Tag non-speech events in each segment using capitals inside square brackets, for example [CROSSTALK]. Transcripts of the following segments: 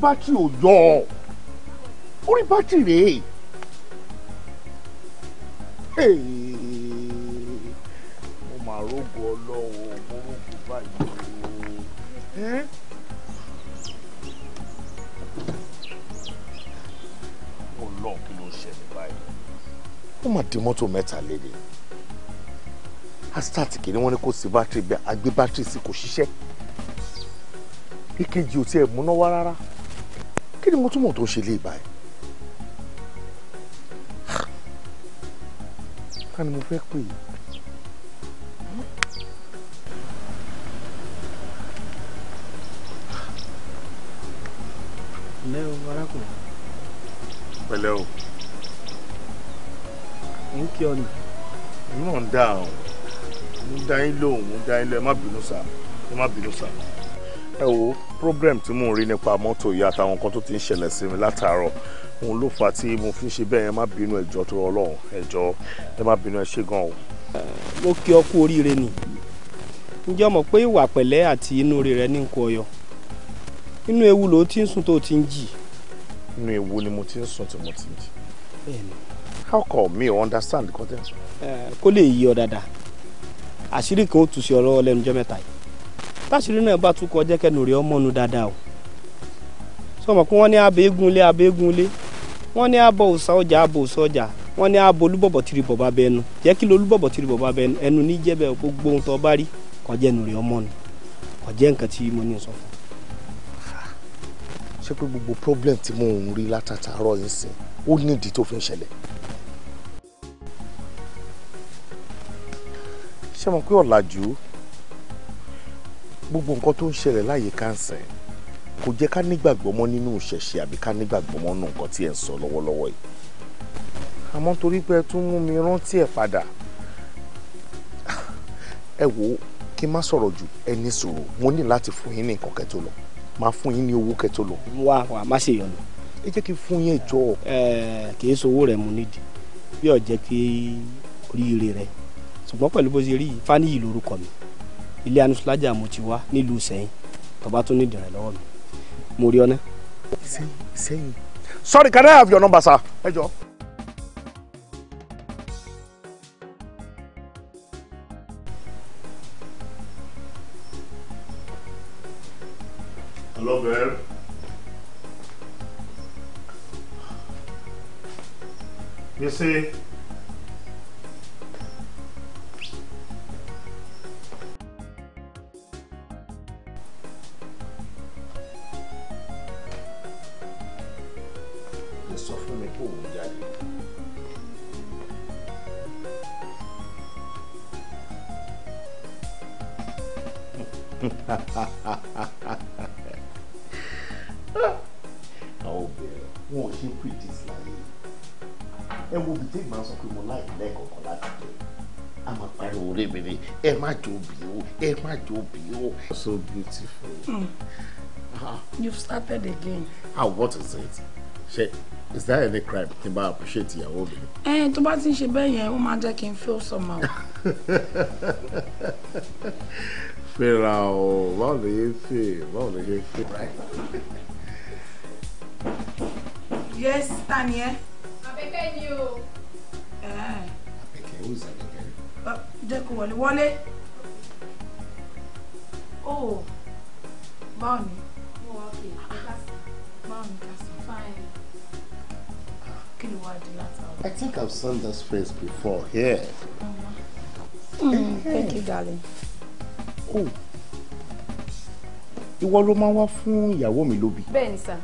bátìrì ò yọ ọ orí bátìrì rèé mo máa rógo ọlọ́wọ́ mo rógo báyìí o. mo lọ kí ló ṣẹlẹ̀ báyìí. ó mà di mọ́tò mẹ́ta lédè asitati kìíní wọ́n ní kò sí bátìrì bẹ́ẹ̀ agbé bátìrì sí kò ṣiṣẹ́ ìkejì ò tiẹ̀ múná wá rárá kí ni mo túmọ̀ tó ṣe lè báyìí ká ni mo fẹ́ pè yìí. pẹ̀lẹ́ o arákùnrin. pẹ̀lẹ́ o. ń kí ọ nì. èmi náà ń dá àwọn mo ń dá yín lóhùn mo ń dá yín lóhùn ẹ má bínú sá ẹ má bínú sá. ẹ wo problem tí mò ń rí nípa mọ́tò yìí àtàwọn kan tó ti ń ṣẹlẹ̀ sí mi látàárọ̀ òun ló fà á tí mo fi ń ṣe bẹ́ẹ̀ ẹ má bínú ẹjọ́ tó ọlọ́run ẹjọ́ ẹ má bínú ẹ ṣe gan o. mo kí ọ kú oríire nì ǹjẹ́ o mọ̀ pé ìwà pẹ̀lẹ́ àti inú rẹ̀ ní nǹkan ọyọ inú ewu ló ti ń sùn tó ti ń jì. inú ewu ni mo ti ń sùn tí mo ti ń jì. how come me understand the content. kó lè yí ọ dáadáa àṣírí kan ó tù sí ọ̀rọ̀ ọlẹ́nujọ́ mẹ́ta yìí táṣìírí náà bá tún kọjá kẹnu rẹ ọmọnu dáadáa o sọmọ pé wọn ní abẹ egunlé abẹ egunlé wọn ní abọ òsà ọjà abọ òsà ọjà wọn ní abọ olúbọbọ tìrì bọba bẹnu jẹ kí ló olúbọbọ tìrì bọba bẹnu ẹnu ní jẹbẹ gbogbo ohun tó bá rí kọjá ẹnu rẹ ọmọnu kọjá nǹkan tí mo ní sọ fún. ṣé pé gbogbo problem tí mo ń rí látàtàárọ̀ yìí sìn ó nídìí tó fi ń ṣẹlẹ̀. ṣé mo pé ọ̀làjú gbogbo nǹkan tó ń ṣẹlẹ̀ láyé káńsẹ̀ kò jẹ́ ká nígbàgbọ́ mọ́ nínú ìṣẹ̀ṣe àbí ká nígbàgbọ́ mọ́ nù nǹkan tí ẹ̀ ń sọ lọ́wọ́lọ́wọ́ yìí àmọ́ torí pé ẹ tún mú mi rántí ẹ̀ padà ẹ wò ó kí n má sọ̀rọ̀ jù ẹ ní sùúrù mo ní láti fún yín ní nǹkan kẹ́ tó lọ máa fún yín ní owó kẹ́ tó lọ. wá wá má ṣe yọnu. ẹ jẹ́ kí n fún yín ìjọ. kì í sowó rẹ̀ mu nídìí bí ó kí oríire rẹ̀ ṣùgbọ́n pẹ̀lú bó ṣe rí fani yìí lórúkọ mi ilé anusulaja mo ti wá nílùú sẹ́yìn tọba tún nídìí rẹ lọ́wọ́ mi mo rí ọ ná. sorry can I have your number sir ẹ jọ. Hello, girl. You see. Oh, àwọn obìnrin she ò ṣe pretis láyé ẹ wo bìtẹ́ ìgbà sọ pé mo láì lẹ́kọ̀ọ́kan láti jẹ a máa pariwo rẹ mi ni ẹ má jẹ obì o ẹ má jẹ obì o. so beautiful. Mm. Ah. you've started again. ah what is it? ṣe is there any crime tí n appreciate your mi. ẹ tó bá ti ń ṣe bẹ́ẹ̀ yẹn ó máa jẹ́ kí feel somehow. [LAUGHS] Pera Yes, Tania. Abẹ́kẹ́ ni eh. Oh, báwo ni? Mo wá òkè, báwo ni ká sọ? Fine. Kí I think I've seen this face before here. Yeah. Mm, thank you, darling kò ìwọ ló máa ń wá fún ìyàwó mi lóbi. bẹ́ẹ̀ni sà.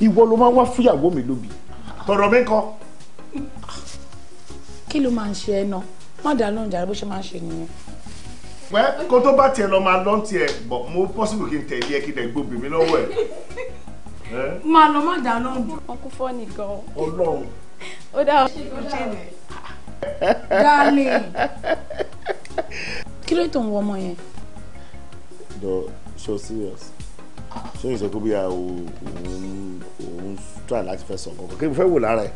ìwọ ló máa ń wá fún ìyàwó mi lóbi. tọ̀rọ̀ mi kọ́. kí ló máa ń ṣe ẹ náà má dàá lóhùn jàre bó ṣe máa ń ṣe nìyẹn. pẹ́ kó tó bá tiẹ̀ lọ máa lọ́n tiẹ̀ bọ̀ mo pọ́sibù kí n tẹ̀lé ẹ kí n tẹ̀ gbóbi mi lọ́wọ́ ẹ̀. máa lọ má dàá lóhùn. wọn kú fọ́ọ̀nì gan ó dá ọ kí ló tó ń wọ ọmọ yẹn lọ ṣó serious ṣé ìṣe kó bíya òun òun try láti fẹ́ sọ kankan kí n fẹ́ wò lára ẹ̀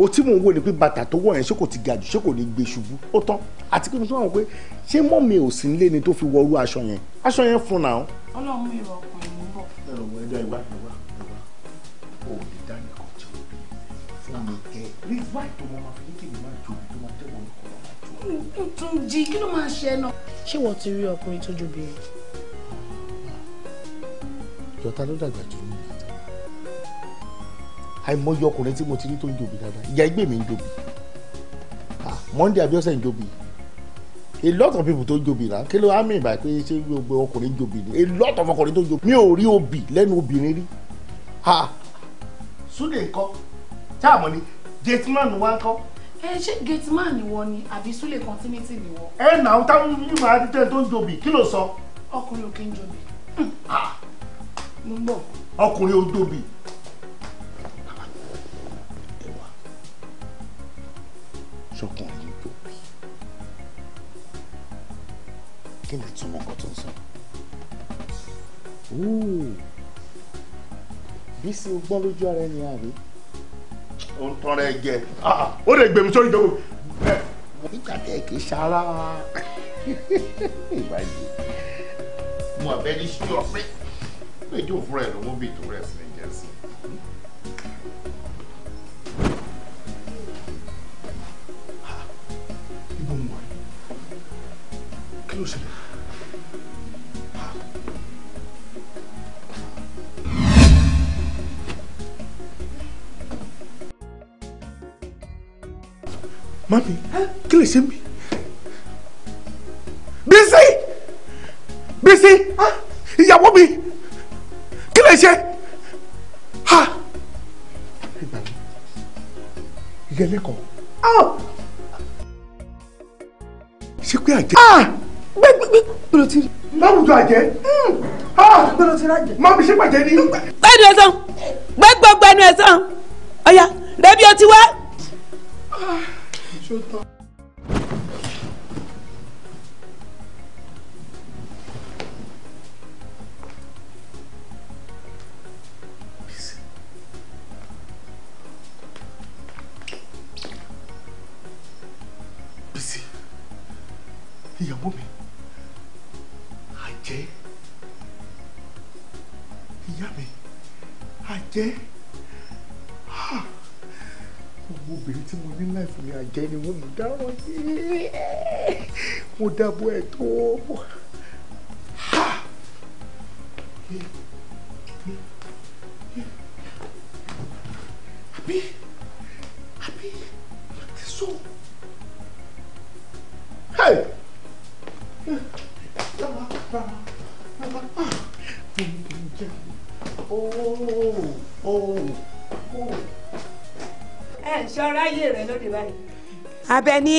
o tí mò ń wò ni pé bàtà tó wọ̀ yẹn ṣé kò ti ga jù ṣé kò ní gbé ṣubú ó tán àti pé mo tún wà wọ́n pé ṣé mọ́ mi ò sí nílé ni tó fi wọrú aṣọ yẹn aṣọ yẹn fún náà. ọlọ́run mi rọ ọkùnrin mi bọ̀. ẹ lọ wọ ẹjọ ìgbà ìgbà ìgbà ò lè dá nìkan tí o bí fún mi kẹ rí báyìí tó mọ máa fi kékeré máa jò tó máa tẹ̀wọ̀ nìkan máa jò. tún kí ló máa ṣe ẹ náà. ṣé wọ́n ti rí ọkùnrin tó jobìnrin jọta ló dàgbà jù mí àìmọye ọkùnrin tí mo ti rí tó ń jobi dáadáa ìyá ẹgbẹ́ mi ń jobi ah, monday abiose ń jobi a lot of people tó ń jobi náà kí ló á mì bá pé ṣé gbogbo ọkùnrin jobi ni a lot of ọkùnrin tó jobi mi ò rí obì lẹ́nu obìnrin rí ha ah, Sunday ńkọ́ táàmù ni gateman wa ńkọ́. ẹ ṣé gateman ni wọ́n ni àbí Sunday continuity ni wọ́n. ẹ nà ó táwọn mímọ adìtẹ tó ń jobi kí ló sọ. ọkùnrin ò kí ń jobi. Hmm. Ah ọkùnrin odòbí ẹwà ṣọkùnrin odòbí kí ni túmọ̀ nǹkan tó ń sọ bí sí gbọ́n lójú ara ẹni àrí. ó ń tọrọ ah, ẹ jẹ ó lè gbèmí sórí ìjọba nígbà tẹ kì í ṣara [LAUGHS] ìwádìí mo àbẹ ní sí ọpẹ lè jó fúnra ẹ̀ lówó bíi tó rẹ̀ sí ní jẹ́sí. ibo ń wà kí ló ṣẹlẹ̀. Mami, kí lè ṣe mí? Bísí! Bísí! Ìyàwó mi! àjẹ́ lẹ́kọ̀ọ́. Oh! ṣé pé àjẹ́. Ah! gbẹgbẹgbẹ bẹ̀rẹ̀ ti rí. láwùjọ àjẹ́. Hmm. Ah! bẹ̀rẹ̀ ti rí àjẹ́. máa fi ṣépàjẹ́ ní. gbẹ́nu ẹ̀sán gbẹ́gbọ́gbẹ́nu ẹ̀sán. aráyé rẹ lóde báyìí. Àbẹ̀ní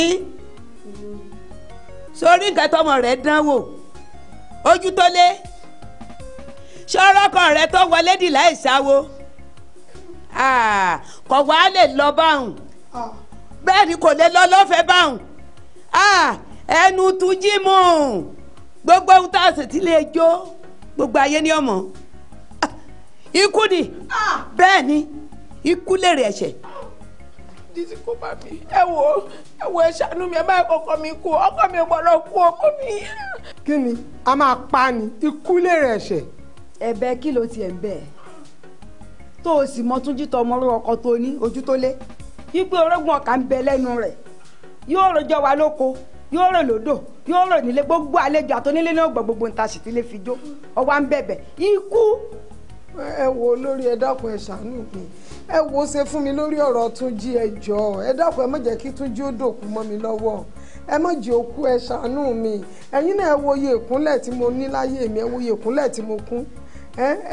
sórí nǹkan tọmọ rẹ dánwò ojú tó lé sọ́rọ́kọ̀ rẹ tó wọlé dì láì sáwo ah, kò wá lè lọ báhùn ah. bẹ́ẹ̀ ni kò lè lọ lọ́fẹ̀ẹ́ báhùn ah, ẹnu tují mú gbogbo ohun tá a sì ti lè jó gbogbo ayé ní ọmọ ikú ni bẹ́ẹ̀ ni ikú lèrè ẹ̀ṣẹ̀ dìtì kó bá mi ẹ wo ẹ wo ẹ ṣàánú mi ẹ bá ọkọ mi kú ọkọ mi gbọ́dọ̀ kú ọkọ mi. kí ni a máa pa ni ikú lè rẹ̀ ṣẹ̀. ẹ̀bẹ̀ kí ló tiẹ̀ ń bẹ̀ tó o sì mọ túnjí tọ ọmọ ọkọ tó ní ojú tó lé wípé orógùn ọkà ń bẹ lẹ́nu rẹ̀ yóò rojọ́ wa lóko yóò rò lódò yóò rò nílé gbogbo àlejò àtọ́nílé náà gbọ́ gbogbo nta sì ti lè fi jó ọwọ́ à ń bẹ̀bẹ̀ ikú ẹ wo lórí ẹ dákun ẹ ṣàánú mi ẹ wo ṣe fún mi lórí ọ̀rọ̀ Túnjí ẹ jọ̀ọ́ ẹ dákun ẹ má jẹ́ kí Túnjí ó dòkú mọ́ mi lọ́wọ́ ẹ má jẹ́ òkú ẹ ṣàánú mi ẹ̀yin náà ẹ wo iye ìkúnlẹ̀ tí mo ní láyé mi ẹ wo iye ìkúnlẹ̀ tí mo kún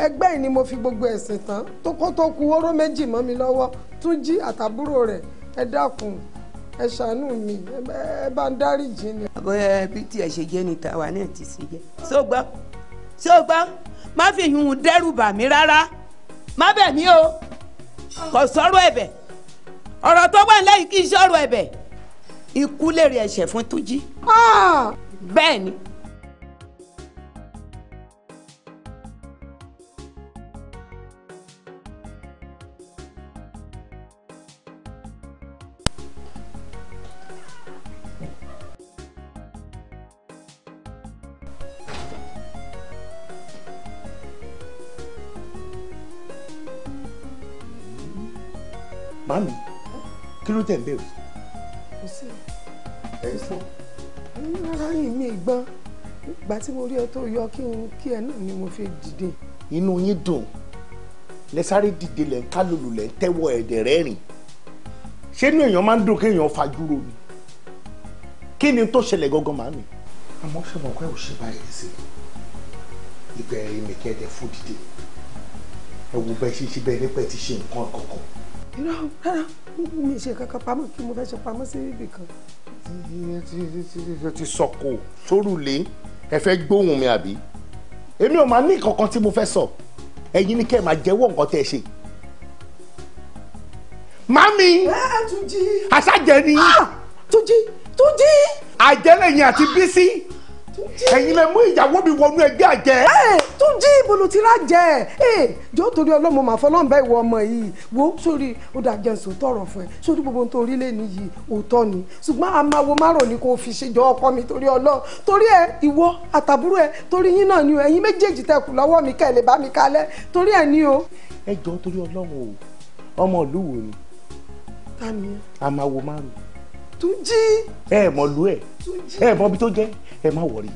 ẹgbẹ́ yìí ni mo fi gbogbo ẹ̀sìn tán tó kó tó ku oró méjì mọ́ mi lọ́wọ́ Túnjí àtàbúrò rẹ̀ ẹ dákun ẹ ṣàánú mi ẹ bá ń dáríjì ni. àbọ̀ ẹbí tí ẹ ṣe jẹ́ ni tàwa náà ti ṣe jẹ́ ṣó gbọ́ má fi ìhun dẹ́rù bà mí rárá má bẹ̀ mí o kò sọ̀rọ̀ ẹ̀bẹ̀ ọ̀rọ̀ tó wà lẹ́yìn kì í sọ̀rọ̀ ẹ̀bẹ̀ ikú lè rí ẹ̀ṣẹ̀ fún Túnjí. Ah! bẹ́ẹ̀ ni. màmí kí ló tẹ̀ ń bèrè. kò sí ẹ sọ. ara yìí mi gbọ́n ìgbà tí mo rí ẹ tó yọ kí n kí ẹ náà ni mo fi dìde. inú yín dùn lẹ sáré dìde lẹ ń kálòlò lẹ ń tẹ́wọ́ ẹ̀dẹ̀ rẹ rìn ṣé inú èèyàn máa ń dùn kéèyàn fajúro ni kí ni tó ṣẹlẹ̀ gangan màmí. àmọ́ ṣe mọ̀ pé ò ṣe báyìí sí ìgbà ẹ̀rí mi kẹ́ ẹ̀ fún dìde ẹ wo bẹ́ẹ̀ ṣe ṣe bẹ́ẹ̀ nípa ẹ ti ṣe nǹkan kọ̀ọ̀kan irọ́ rárá mi ṣe kankan pamọ́ kí mo fẹ́ ṣe pamọ́ sí ibì kan. ti sọ̀kò sórùlé ẹ fẹ́ gbóhùn mi àbí èmi ò máa ní kankan tí mo fẹ́ sọ ẹ̀yin ni kẹ́ ẹ̀ máa jẹ́wọ́ nǹkan tẹ́ ẹ ṣe. mami àṣàjẹ ni. Túnjí Túnjí. àjẹ́ lẹ́yìn àti Bísí ẹ̀yin lè mú ìyàwó mi wọnú ẹgbẹ́ àjẹ́. ẹ Túnjí ìbòlù ti rà jẹ ẹ jọ torí ọlọmọ màá fọlọ́n bá ìwọ ọmọ yìí wo sórí ó dà jẹun sọ tọrọ fún ẹ sórí gbogbo ohun tó rí lé nìyí òótọ́ ni ṣùgbọ́n a máa wo márùn ni kò fi ṣèjọ ọkọ mi torí ọlọ torí ẹ ìwọ àtàbúrò ẹ torí yín náà ni o ẹ̀yin méjèèjì tẹ kù lọ́wọ́ mi kẹ́ lè bá mi kalẹ̀ torí ẹ ní o. ẹ jọ torí Ọlọ́run o ọmọ ìlú wo ni. ta ni. a máa wo márùn. Túnjí. ẹ mọ̀ lú ẹ ẹ mọ̀ bí tó jẹ́ ẹ má wọrí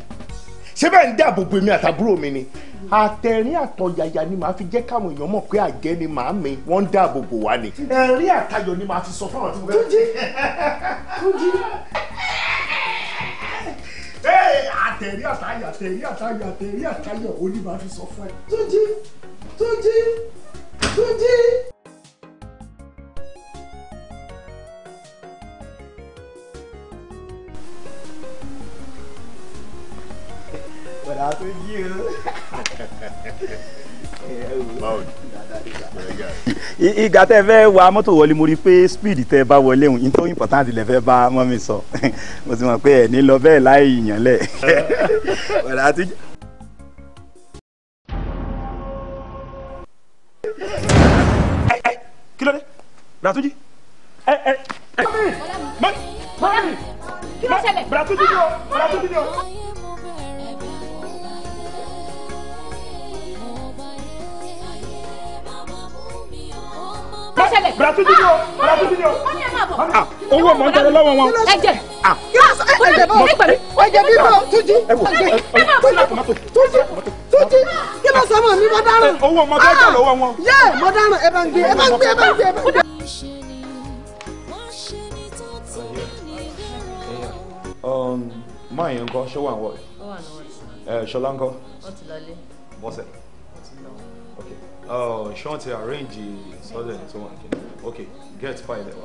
ṣé bẹ́ẹ̀ ń dáàbò bo èmi àtàbúrò mi ni àtẹ̀rín àtọ̀yàyà ni màá fi jẹ́ káwọn èèyàn mọ̀ pé àgẹ́ ni màá mi wọ́n ń dáàbò bò wá ni ẹ̀rín àtayọ̀ ni màá fi sọ fáwọn tí mo fẹ́. túnjí túnjí. àtẹ̀rín àtayọ̀ àtẹ̀rín àtayọ̀ àtẹ̀rín àtayọ̀ òní màá fi sọ fún ẹ. túnjí túnjí túnjí. bọ̀dá tó jí you? [LAUGHS] ìgbà tẹ fẹ́ wa mọ́tò wọlé mo rí i pé speed the bá wọlé òun nítorí important the fẹ́ bá mọ́mí sọ [LAUGHS] mo sì mọ̀ pé ẹ̀ ní lọ bẹ́ẹ̀ láì yànlẹ̀ bọ̀dá tó jí. kí ló dé Bùràtúnjí ẹ ẹ ẹ mọ́mí mọ́mí kí ló ṣẹlẹ̀ Bùràtúnjí ni o Bùràtúnjí ṣẹlẹ̀. bùrọ̀tù dídí o bùrọ̀tù dídí o. owó ọmọ ń tẹ̀lé lọ́wọ́ wọn. ẹ jẹ ẹjẹ bọ ẹjẹ bí bọ tuji tuji tuji kí ló sọ mọ mi mo dáràn. owó ọmọ bẹ́ẹ̀ ah! lọ́wọ́ wọn. yẹ mo dáràn ẹ bá ń gbé ẹ bá ń gbé ẹ bá ń gbé ẹ bá ń gbé. Um, ń kọ́ ṣé wà ń wọ̀ ẹ̀ ṣọlá ń bọ́sẹ̀. Oh, wọ́n ti arrange sọ́dọ̀ ẹ̀ tó so on. Okay, get fired. ẹ̀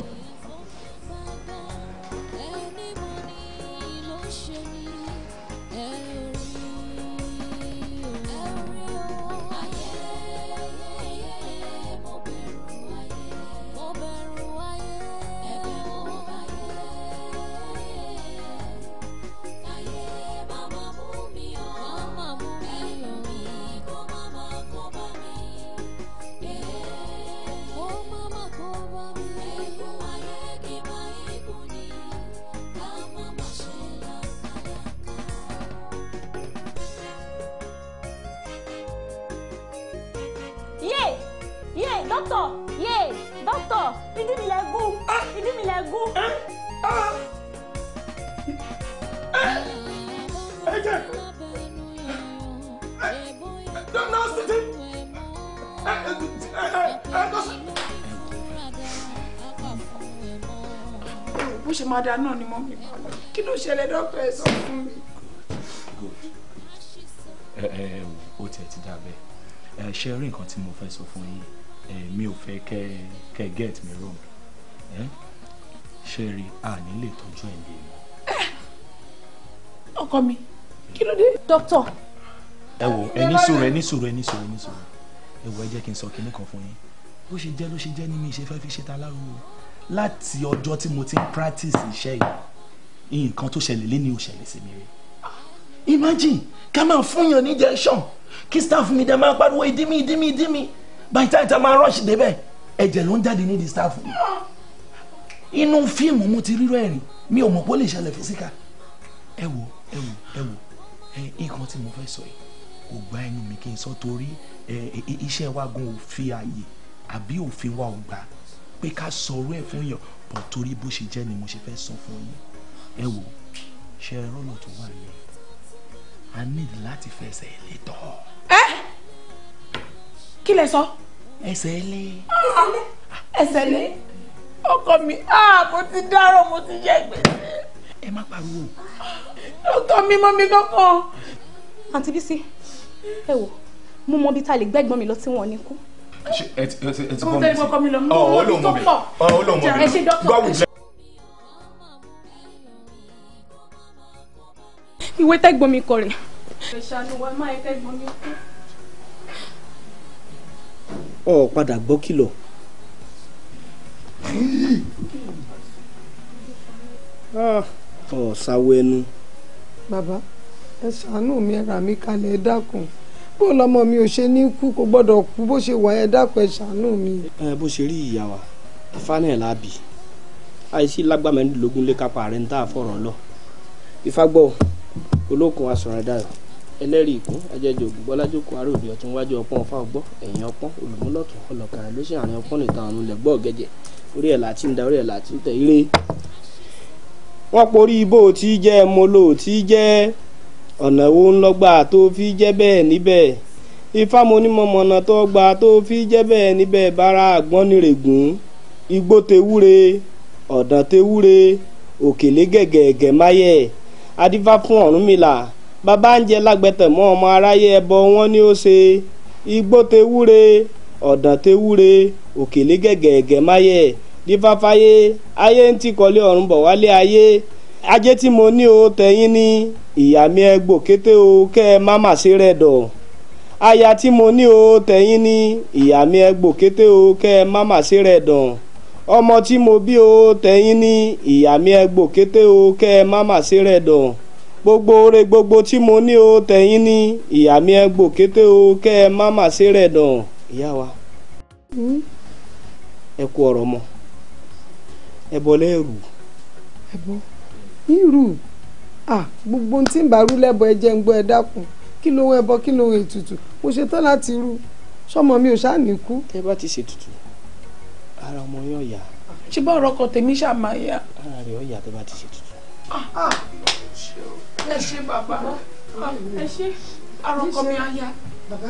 ṣe máa da náà ni mo mi bá lọ kí ló ṣẹlẹ̀ dókítà ẹ sọ fún mi. ó tiẹ̀ ti dà bẹ́ẹ̀ ṣe rí nǹkan tí mo fẹ́ sọ fún yín mi ò fẹ́ kẹ́ get me wrong ṣe rí àní lè tọ́jú ẹ̀ lè eh, ọkọ mi kí ló dé. dókítà. ẹ wo ẹ ní sùúrù ẹ ní sùúrù ẹ ní sùúrù ẹ ní sùúrù ẹ wo ẹ jẹ́ kí n sọ kinní kan fún yín bó ṣe jẹ́ ló ṣe jẹ́ ní mi ṣe fẹ́ fi ṣe ta láruwo láti ọjọ́ tí mo ti ń practice iṣẹ́ yìí nǹkan tó ṣẹlẹ̀ lé ní ò ṣẹlẹ̀ sí mi rí imagine ká máa fúnyàn ní injection kí staff mi dẹ̀ máa pariwo ìdí mi ìdí mi ìdí mi by time ta máa rush débẹ̀ ẹ̀jẹ̀ ló ń jáde ní di staff mi inú fíìmù mo ti rírọ ẹ̀rìn mi ò mọ̀ pé ó lè ṣẹlẹ̀ physical ẹ wò ẹ wò ẹ wò nǹkan tí mo fẹ́ sọ yìí kò gba ẹnu mi kí n sọ torí iṣẹ́ wa gan ò fi àyè àbí òfin wa ò gbà á pé ká sọ̀rọ̀ ẹ̀ fún yàn bọ̀ torí bó ṣe jẹ́ ni mo ṣe fẹ́ sọ fún yín ẹ wò ṣe ẹ rọ́nà tó wà ní a need láti fẹsẹ̀ ilé tọ̀. ẹ kí lẹ sọ. ẹsẹ̀ ilé. Ah, ẹsẹ̀ ilé ọkọ mi ah, mo ti dárò mo ti yẹ gbèsè. ẹ má pariwo. dókítà mi mọ mi kankan. àǹtí Bísí ẹ wò mo mọ ibi tá a lè gbẹ́gbọ́n mi lọ tí wọ́n ní kú mo tẹ́lẹ̀ mọ́ kọ́ mi lọ mo mọ́ mi tó pọ̀ ẹ ṣe dọ́kítọ̀. ìwé tẹ́gbọ́n mi kọ rẹ̀. ìṣàánú wa máa ẹ tẹ́gbọ́n mi kú. ọ padà gbọ́ kìlọ̀. ọ sáwọ ẹnu. bàbá ẹ ṣàánú mi ẹ rà mí kalẹ̀ ẹ dákun bó lọmọ mi ò ṣe ní kú kò gbọ́dọ̀ kú bó ṣe wà ẹ dákun ṣàánú mi. ẹ bó ṣe rí ìyá wa Ifá náà lábì àìsí lágbàmẹ́ndínlógún lé kápá rẹ̀ ń tà fọ̀rọ̀ lọ Ifá gbọ́ olókun asọ̀rọ̀dàrọ̀ ẹlẹ́rìí ìkún ajẹ́jọ ògùnbọ́lájókòó aróòdì ọ̀tún wájú ọpọ́n ọ̀fà ọgbọ́ ẹ̀yìn ọpọ́n olùmúlọ́tún ọlọ́kàrà ló ṣe àárín ọpọ́n nìta ọ̀run lẹ́gbọ́ ọ̀gẹ́jẹ̀ orí ẹ̀ láti ń da orí ẹ̀ láti ń tẹ̀ ire. wọ́n porí ibò tí jẹ́ mo tí jẹ́ ọ̀nà wo ńlọ́gbà tó fi jẹ́ bẹ́ẹ̀ níbẹ̀ ifá monímọ̀mọ̀nà tó gbà tó fi jẹ́ bẹ́ẹ̀ níbẹ̀ bára àgbọ́nirègùn igbó tewúre ọ̀dàn tewúre òkèlè gẹ̀gẹ̀gẹ̀ máyẹ̀ adífá fún Ọ̀rúnmìlà bàbá ń jẹ lágbẹ̀tẹ̀ mọ́ ọmọ aráyé ẹbọ wọn ni ó ṣe igbó tewúre ọ̀dàn tewúre òkèlè gẹ̀gẹ̀gẹ̀ máyẹ̀ dífáfáyé ayé ń tìkọ́lé ọ̀run bọ̀ wálé ayé ajé tí mo ní o tẹ̀yìn ní ìyá mi ẹ gbòkété o kẹ́ ẹ má mà aya tí mo ní o tẹ̀yìn ní ìyá mi ẹ gbòkété o kẹ́ ẹ má mà rẹ̀ dọ̀ ọmọ tí mo o tẹ̀yìn ní ìyá mi o kẹ́ ẹ má mà gbogbo oore gbogbo tí mo ní o tẹ̀yìn ní ìyá mi ẹ gbòkété o kẹ́ ẹ má mà rẹ̀ dọ̀ irú ah gbogbo ohun tí ń bá rú lẹ́bọ ẹ jẹ́ ń gbọ́ ẹ dákun kí ló ń ẹbọ kí ló ń ètùtù mo ṣetán láti rú sọmọ mi ò ṣáà kú. ẹ bá ti ṣètùtù ara ọmọ yóò yá. ṣé bá ọ̀rọ̀ kan tèmi ṣáà yá. ara rẹ̀ ó tó bá ti ṣètùtù. Ah, ah. ẹ ṣe bàbá ah, ẹ ṣe ara ọkọ mi á bàbá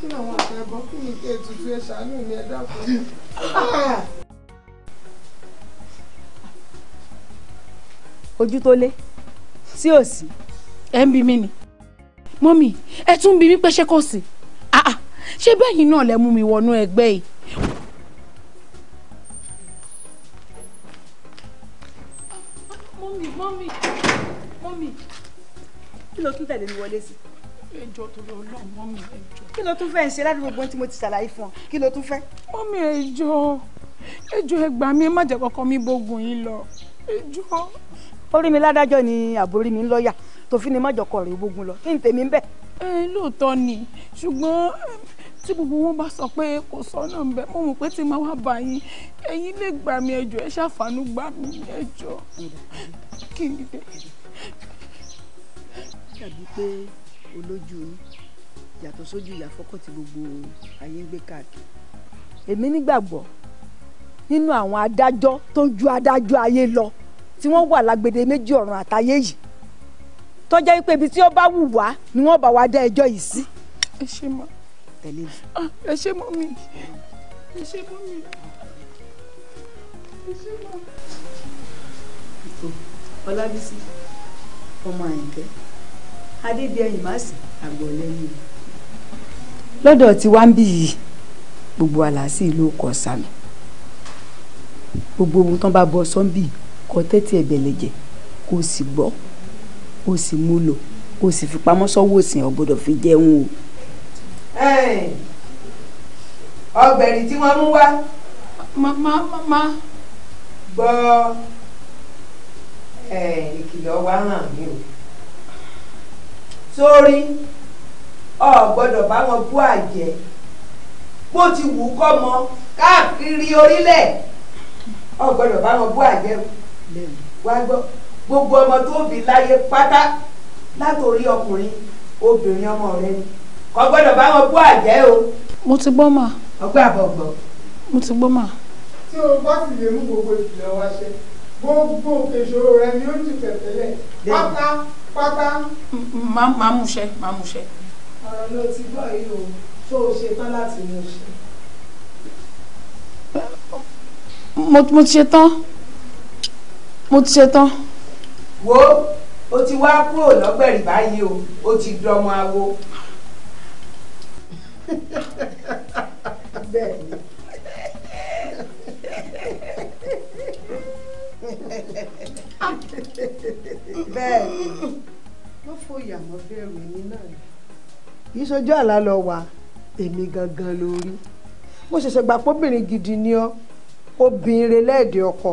kí làwọn ọ̀sẹ̀ kí ni ètùtù ẹ ṣàánú mi ẹ dákun. ojú tó lé sí òsì. ẹ ń bi mí ni mọ́mì ẹ tún bi mí pé ṣé kò sí ah, ah, ṣé bẹ́yìn náà lẹ mú mi wọnú ẹgbẹ́ yìí. mọ́mì mọ́mì mọ́mì kí ló tún tẹ̀lé mi wọlé sí. ẹjọ́ tó lọ lọ mọ́mì ẹjọ́. kí ló tún fẹ́ ṣe láti gbogbo ohun tí mo ti ṣàlàyé fún ọ kí ló tún fẹ́. mọ́mì ẹjọ́ ẹjọ́ ẹ gbà ẹ má jẹ́ kọ́kọ́ mi bógun yín lọ ẹjọ́ orí mi ládájọ́ ni àbórí mi ń lọ́ọ̀yà tòfin ni májọkọ rẹ̀ gbógun lọ kí n tèmi ń bẹ̀. lóòótọ́ ni ṣùgbọ́n tí gbogbo wọn bá sọ pé kò sọ́nà ń bẹ mo mọ̀ pé tí màá wá bá yín ẹ̀yin lè gbà mí ẹjọ́ ẹ ṣàfàánú gbà mí ẹjọ́ kí n dé. dàbí pé olójú yàtọ̀ sójú ìyàfọ́kọ̀ tí gbogbo ayé ń gbé káàkiri. èmi nígbàgbọ́ nínú àwọn adájọ́ tó ju adájọ́ ayé lọ tí wọ́n wà lágbede méjì ọ̀run àtayé yìí tó jẹ́ pé ibi tí ó bá wù wá ni wọ́n bá wá dá ẹjọ́ yìí sí. ẹ ṣe mọ tẹ̀lé mi. Ah, ẹ ṣe mọ mi ẹ ṣe mọ mi ẹ ṣe mọ. ọlábísí ọmọ àyìnkẹ́ adédèyìn má sì àgbọ̀ lẹ́yìn. lọ́dọ̀ tí wá ń bí yìí gbogbo àlàsì ló kọ sàmì gbogbo ohun tán bá bọ sọ́ńbì yìí kó tẹ́tí ẹ̀bẹ̀lẹ̀ jẹ kó sì gbọ́ kó sì mú lò kó sì fi pamọ́ sọ́wọ́ òsìn ò gbọ́dọ̀ fi jẹun o. ọgbẹ̀rì tí wọ́n mú wá. mama mama. gbọ́ ìkìlọ̀ wa hàn mí o sórí ọ gbọ́dọ̀ bá wọn bú àjẹ́ bó ti wù kọ́ mọ káàkiri orílẹ̀ ọ bá wọn bú àjẹ́ o wá gbọ́ gbogbo ọmọ tó bí láyé pátá látòrí ọkùnrin obìnrin ọmọ rẹ ni kò gbọ́dọ̀ bá wọn bú àjẹ́ o. mo ti gbọ́ mà. ọgbẹ́ àbọ̀gbọ̀. mo ti gbọ́ mà. tí o bá sì lè mú gbogbo ìpìlẹ̀ wá ṣe gbogbo ìṣòro rẹ ni ó ti fẹ̀tẹ́lẹ̀ pátá pátá. máa mú ṣe máa mú ṣe. ọ̀rọ̀ ló ti gbọ́ yìí o tó o ṣe tán láti mú ṣe. mo ti ṣe tán mo ti ṣetán. wo o ti wá kúrò lọ́gbẹ̀rì báyìí o o ti dọmọ awo. bẹ́ẹ̀ni. bẹ́ẹ̀ni ló fòyà mọ́ bẹ̀rù yín náà. kì í ṣojú àlá lọ wá èmi gangan lórí mo ṣẹ̀ṣẹ̀ gbà pọ́bìnrin gidi ni ọ́ obìnrin lẹ́ẹ̀dẹ̀ ọkọ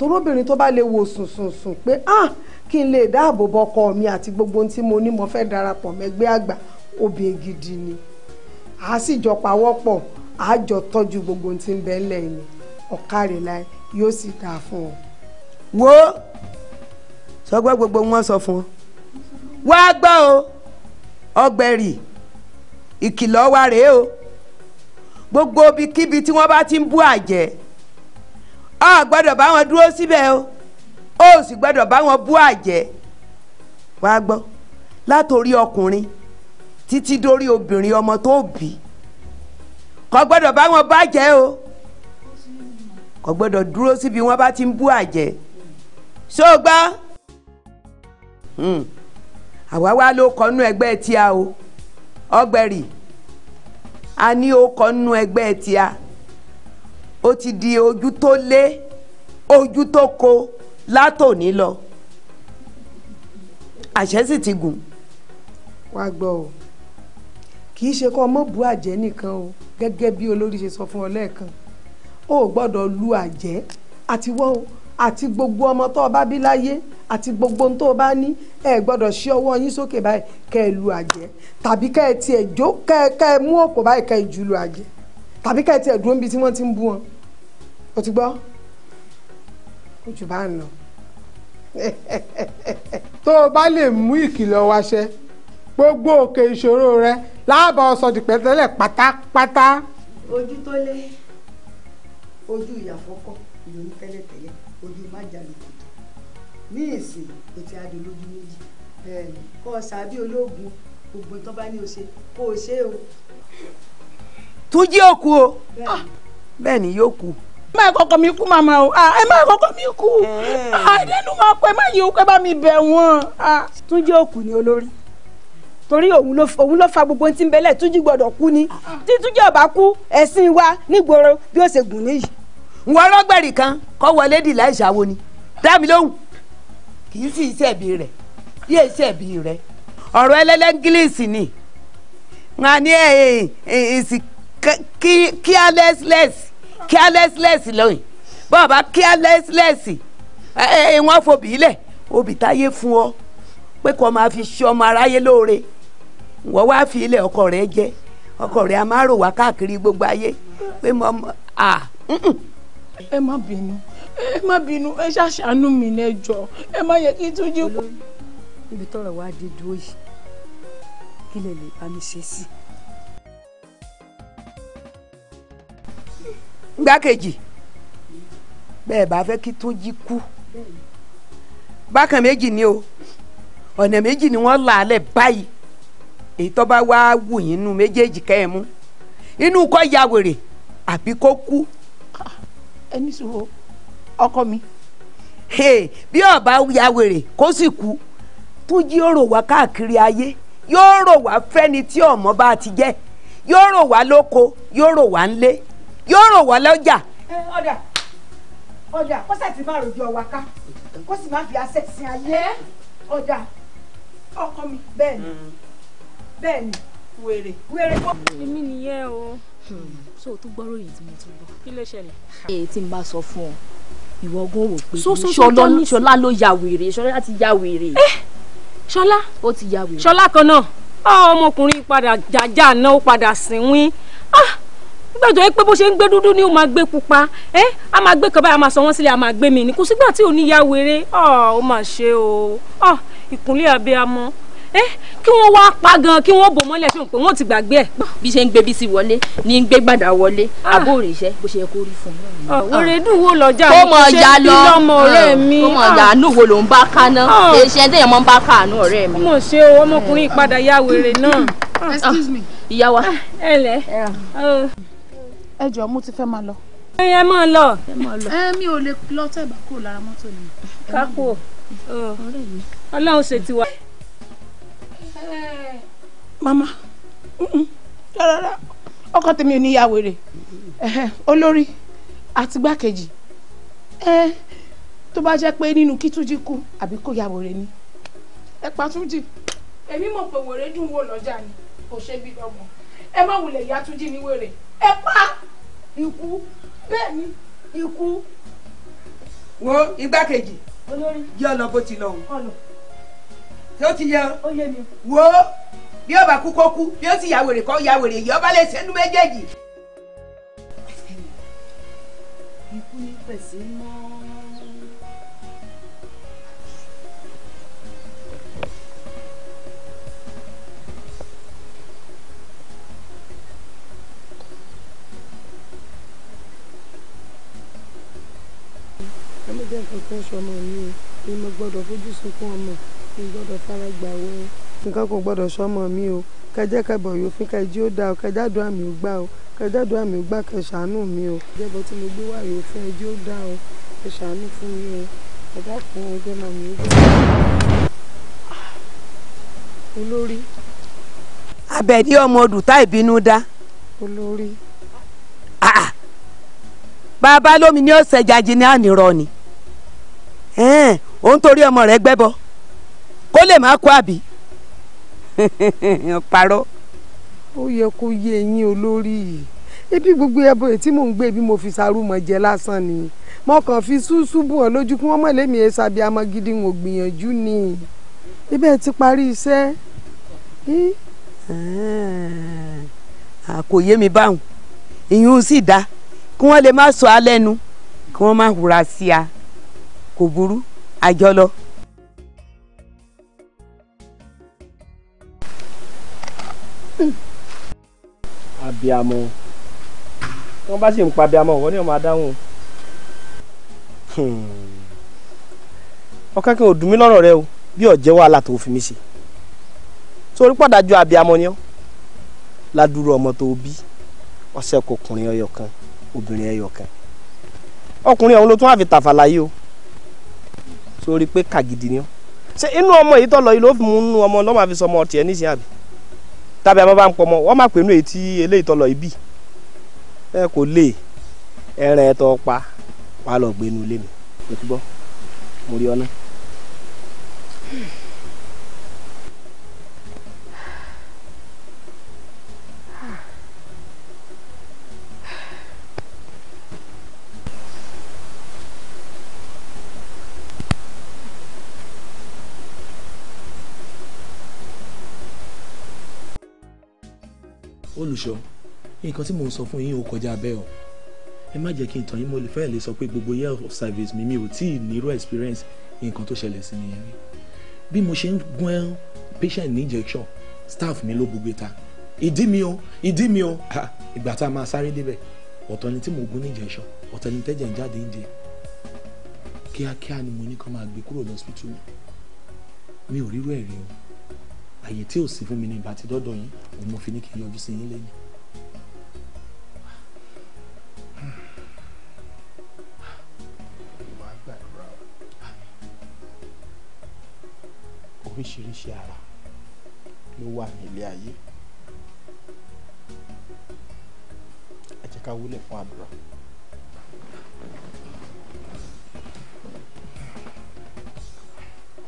torobìnrin tó bá lè wo sùnsùnsùn pé ah kí n lè dáàbò bọkọ mi àti gbogbo ohun tí mo ní mo fẹ́ darapọ̀ mẹ́gbẹ́ àgbà obìnrin gidi ni a sì jọ pawọ́pọ̀ a jọ tọ́jú gbogbo tí ń bẹ ńlẹ̀ ni ọ̀kàrẹ̀ láì yóò sì dáa fún ọ. wo sọgbọ́n gbogbo wọn sọ fún ọ wá gbọ́ o ọgbẹ̀rì ìkìlọ̀ wa rèé o gbogbo ibikíbi tí wọ́n bá ti ń bú àjẹ́ a gbọ́dọ̀ bá wọn dúró síbẹ̀ o ó sì gbọ́dọ̀ bá wọn bú àjẹ́ wàá gbọ́ látòrí ọkùnrin títí dórí obìnrin ọmọ tó bí kò gbọ́dọ̀ bá wọn bàjẹ́ o kò gbọ́dọ̀ dúró síbi wọ́n bá ti ń bú àjẹ́ ṣó o gbọ́ hmm. àwa wá ló kọ́nú ẹgbẹ́ tíá o ọgbẹ̀rì a ní ó kọ́nú ẹgbẹ́ tíá ó ti di ojú tó lé ojú tó ko látòní lọ àṣẹ sì ti gùn. wá gbọ́ o kì í ṣe kó ọmọ bu àjẹ́ nìkan o gẹ́gẹ́ bí olórí ṣe sọ fún ọ lẹ́ẹ̀kan o ò gbọ́dọ̀ lu àjẹ́ àti wọ́ o àti gbogbo ọmọ tó o bá bí láyé àti gbogbo ohun tó o bá ní ẹ gbọ́dọ̀ ṣí ọwọ́ yín sókè báyìí kẹ́ ẹ lu àjẹ́ tàbí kẹ́ ẹ tiẹ̀ jó kẹ́ ẹ mú òkò báyìí kẹ́ ẹ jù àjẹ́ tàbí ká ẹ tiẹ̀ dúró níbi tí wọ́n ti ń bú wọn o ti gbọ́ kò jù bá ń lọ [LAUGHS] tó o bá lè mú ìkìlọ̀ wa ṣẹ gbogbo òkè ìṣòro rẹ láàbà ọsọ dìpẹ́tẹ́lẹ̀ pátápátá. ojú tó lé ojú ìyàfọ́kọ́ ìròyìn tẹ́lẹ̀tẹ́lẹ̀ ojú májàlú kòtò ní ìsìn ètò adolójú méjì kọ́ ọ sàbí olóògùn gbogbo tó bá ní o ṣe kó o ṣe o. Túnjí ó kú o ah, bẹ́ẹ̀ ni yóò kú. ẹ má kọkọ mi kú màmá o ah, ah, ẹ má kọkọ mi kú àdéhùn máa pẹ má yìí pẹ bá mi bẹ̀ wọ́n. Túnjí ó kú ni olórí torí òun ló fa gbogbo tí ń bẹ́lẹ̀ Túnjí gbọ́dọ̀ kú ni tí Túnjí ó bá kú ẹ̀sìn wa nígboro bí ó ṣe gùn níyì. wọn rọgbẹrì kan kọ wọlé dì láì ṣàwo ni dá mi lóhùn kì í sì í ṣẹ̀bi rẹ̀ yé ṣẹ̀bi rẹ̀ ọ̀rọ̀ ẹlẹ́lẹ́ngílíìsì ni wọn á ní ẹ̀ẹ́sì eh, eh, eh, carelessness carelessness lóyìn bọ́ọ̀ bá carelessness ẹ wọ́n fòbí lẹ̀ obì táyé fún ọ pé kó máa fi ṣe ọmọ aráyé lóore wọ́n wá fi ilẹ̀ ọkọ rẹ̀ jẹ́ ọkọ rẹ̀ a máa rò wá káàkiri gbogbo ayé pé mo à. ẹ má bínú ẹ má bínú ẹ ṣàṣàánú mi lẹ́jọ́ ẹ má yẹ kí n tún jí kú. ibi tọrọ wa di dúró yìí kí lè lè bá mi ṣe sí i. ngbà kejì bẹ́ẹ̀ bá fẹ́ kí Túnjí kú bákan méjì ni o ọ̀nà méjì ni wọ́n là á lẹ̀ báyìí èyí tó bá wá wù yín nínú méjèèjì kẹ́ ẹ̀ mú inú kọ́ ya wèrè àbí kó kú. ẹni sọ ọkọ mi. bí ọba ya wèrè kó sì kú Túnjí ó rò wá káàkiri ayé yóò rò wá fẹ́ni tí ọmọ bá ti jẹ́ yóò rò wá lóko yóò rò wá ńlé yóò rò wá lọ́jà. ọ̀dà ọ̀dà kó sì ti máa ròjọ́ wa ká kó sì máa fi àṣẹ sin ayé ọ̀dà ọkọ mi bẹ́ẹ̀ ni mm. bẹ́ẹ̀ ni wèrè wèrè kó. èmi nìyẹn o so hmm. o tún gbọ́rọ̀ yìí tí mo tún gbọ́ kí ló ṣẹlẹ̀. èyí tí n bá sọ fún ọ ìwọ gan wò pé ṣọlá ṣọlá ló ya wèrè ṣọlá ti ya wèrè. Eh! ṣọlá ó ti ya wèrè. ṣọlá kan náà ah, ọmọkùnrin padà jàjà náà ó padà sínwín. Ah! gbàjọ pé bó ṣe ń gbé dúdú ni ó máa gbé pupa ẹ a máa gbé kan báyìí a máa sọ wọn sílẹ̀ a máa gbé mi ní kò sígbà tí ò ní ya wèrè ọ ó mà ṣe o ọ ìkúnlẹ̀ abiyamọ ẹ kí wọ́n wá pa gan kí wọ́n bò mọ́lẹ̀ fún un pé wọ́n ti gbàgbé ẹ̀. bí ṣe ń gbé bí sí wọlé ní ń gbé gbàdá wọlé ah. àbó òrìṣẹ́ bó ṣe yẹ kó rí fún un. wèrè dùn wo lọ́jà mo ṣe bí lọ́mọ ọ̀rẹ́ ah, mi. kó mọ̀ ọ̀gá àánú ah. wo ló ń bá kaná èsì ẹ̀ tẹ̀yẹ̀ mọ́ ń bá káàánú ọ̀rẹ́ mi. mo ṣe ọmọkùnrin ìpadà ya wèrè náà. excuse me. ìyá wa. ẹ lẹ ẹ jọ mo ti fẹ́ máa lọ. ẹ mọ lọ. mi ò lè lọ tẹ̀bà kúrò lára mọ́tò ni. kákò ọlọ́run ṣe tiwa. mama rárá ọkọ tèmi ò ní ya wèrè olórí àti gbákejì tó bá jẹ́ pé nínú kí kú àbí kò ya wèrè ni ẹ pa Túnjí èmi mọ̀ pé wèrè dùn wò lọ́jà ni kò ṣe bí lọ́gbọ̀n ẹ má wulẹ̀ ya Túnjí ní wèrè ẹ pa ikú bẹ́ẹ̀ ni ikú. wo igbákejì yí ọ̀nà bó ti lọ òun tí ó ti yẹ wo bí ọba kú kó kú bí ó ti yà wèrè kó yà wèrè yìí ọba lè sẹ́nu méjèèjì. ikú ní pèsè mọ́. nǹkan tó ń ṣe o èmi mo gbọ́dọ̀ fojú sunkún ọmọ mi gbọ́dọ̀ fara gbà wọ nǹkan kò gbọ́dọ̀ sọmọ mi o kẹjẹ kẹbọ yóò kẹjí ó dáa o kẹjádùn àmì ó gbà o kẹjádùn àmì ó gbà kẹsàánú mi o. ìjẹ́bọ tí mo gbé wá yóò ẹjí ó dáa o kẹsàánú fún mi o ẹ̀dá kan ọjọ́ náà mi ó gbà. olórí. abẹ́dí ọmọ odùtá ìbínú dá. olórí. Ah, ah. bàbá lómi ni ó ṣẹjà jìnnà nírọ̀ ni. Ah òun torí ọmọ rẹ̀ gbẹ́bọ kó lè má kó àbí [LAUGHS] parọ́. ó yẹ kó yé yín olórí ibi gbogbo ẹbọ tí mò ń gbé ibi mo fi sarúmọ jẹ lásán ni mo kàn fi ṣúṣú bù ọ lójú kí wọn mọ lèmi ẹ sàbí amọ gidi ń gbìyànjú ni ibẹ̀ ti parí iṣẹ́. àkòyé mi báwọn ìyún sì dá kí wọ́n lè má sọ á lẹ́nu kí wọ́n má hùrà sí a kò burú àjọ lọ. abiamọ tí wọn bá sì ń pa abiamọ wọn ni wọn máa dáhùn hmm. ọkàn kí n ò dùn mí lọ́rọ̀ rẹ o bí ọ̀jẹ̀ wàhálà tó fi mí ṣe torí pàdájọ́ abiamọ ni ọ́ ládùúrú ọmọ tó bí ọ̀sẹ̀ kọkùnrin ẹyọ kan obìnrin ẹyọ kan ọkùnrin ọ̀hún ló tún àfi tàfàlà yìí o torí pé kàgìdì ni ọ ṣe inú ọmọ èyí tó lọ yìí ló fi mú inú ọmọ lọ́ọ́ máa fi sọ ọmọ tiẹ̀ níṣẹ́ àbí tàbí àwọn bá ń pọ ọmọ wọ́n máa pè nú èyí tí eléyìí tó lọ yìí bì ẹ kò lè ẹran ẹ tó pa wàá lọ gbé inú ilé mi òtúbọ mo rí ọ náà. olùṣọ́ nǹkan tí mò ń sọ fún yín ò kọjá bẹ́ẹ̀ o ẹ má jẹ́ kí n tàn yín mo lè fẹ́ lè sọ pé gbogbo year of service mi mi ò tí ì nírú experience nǹkan tó ṣẹlẹ̀ sí mi yẹn rí bí mo ṣe ń gún patient ní injection staff mi ló bugbe ta ìdí mi o ìdí mi o ìgbà tá a máa sáré débẹ̀ ọ̀tọ̀ ni tí mo gún ní injection ọ̀tọ̀ ni tẹ́jẹ̀ ń jáde ń jẹ kíákíá ni mo ní kó máa gbé kúrò lọ́sibítù mi mi ò rírú ẹ̀ rí o àyè tí ò sí fún mi ní ìbá ti dọ́dọ̀ yín òun mo fi ní kí n yọjú sí yín lẹ́yìn. oríṣiríṣi ara ló wà nílé ayé ẹ jẹ́ ká wúlẹ̀ fún àdúrà.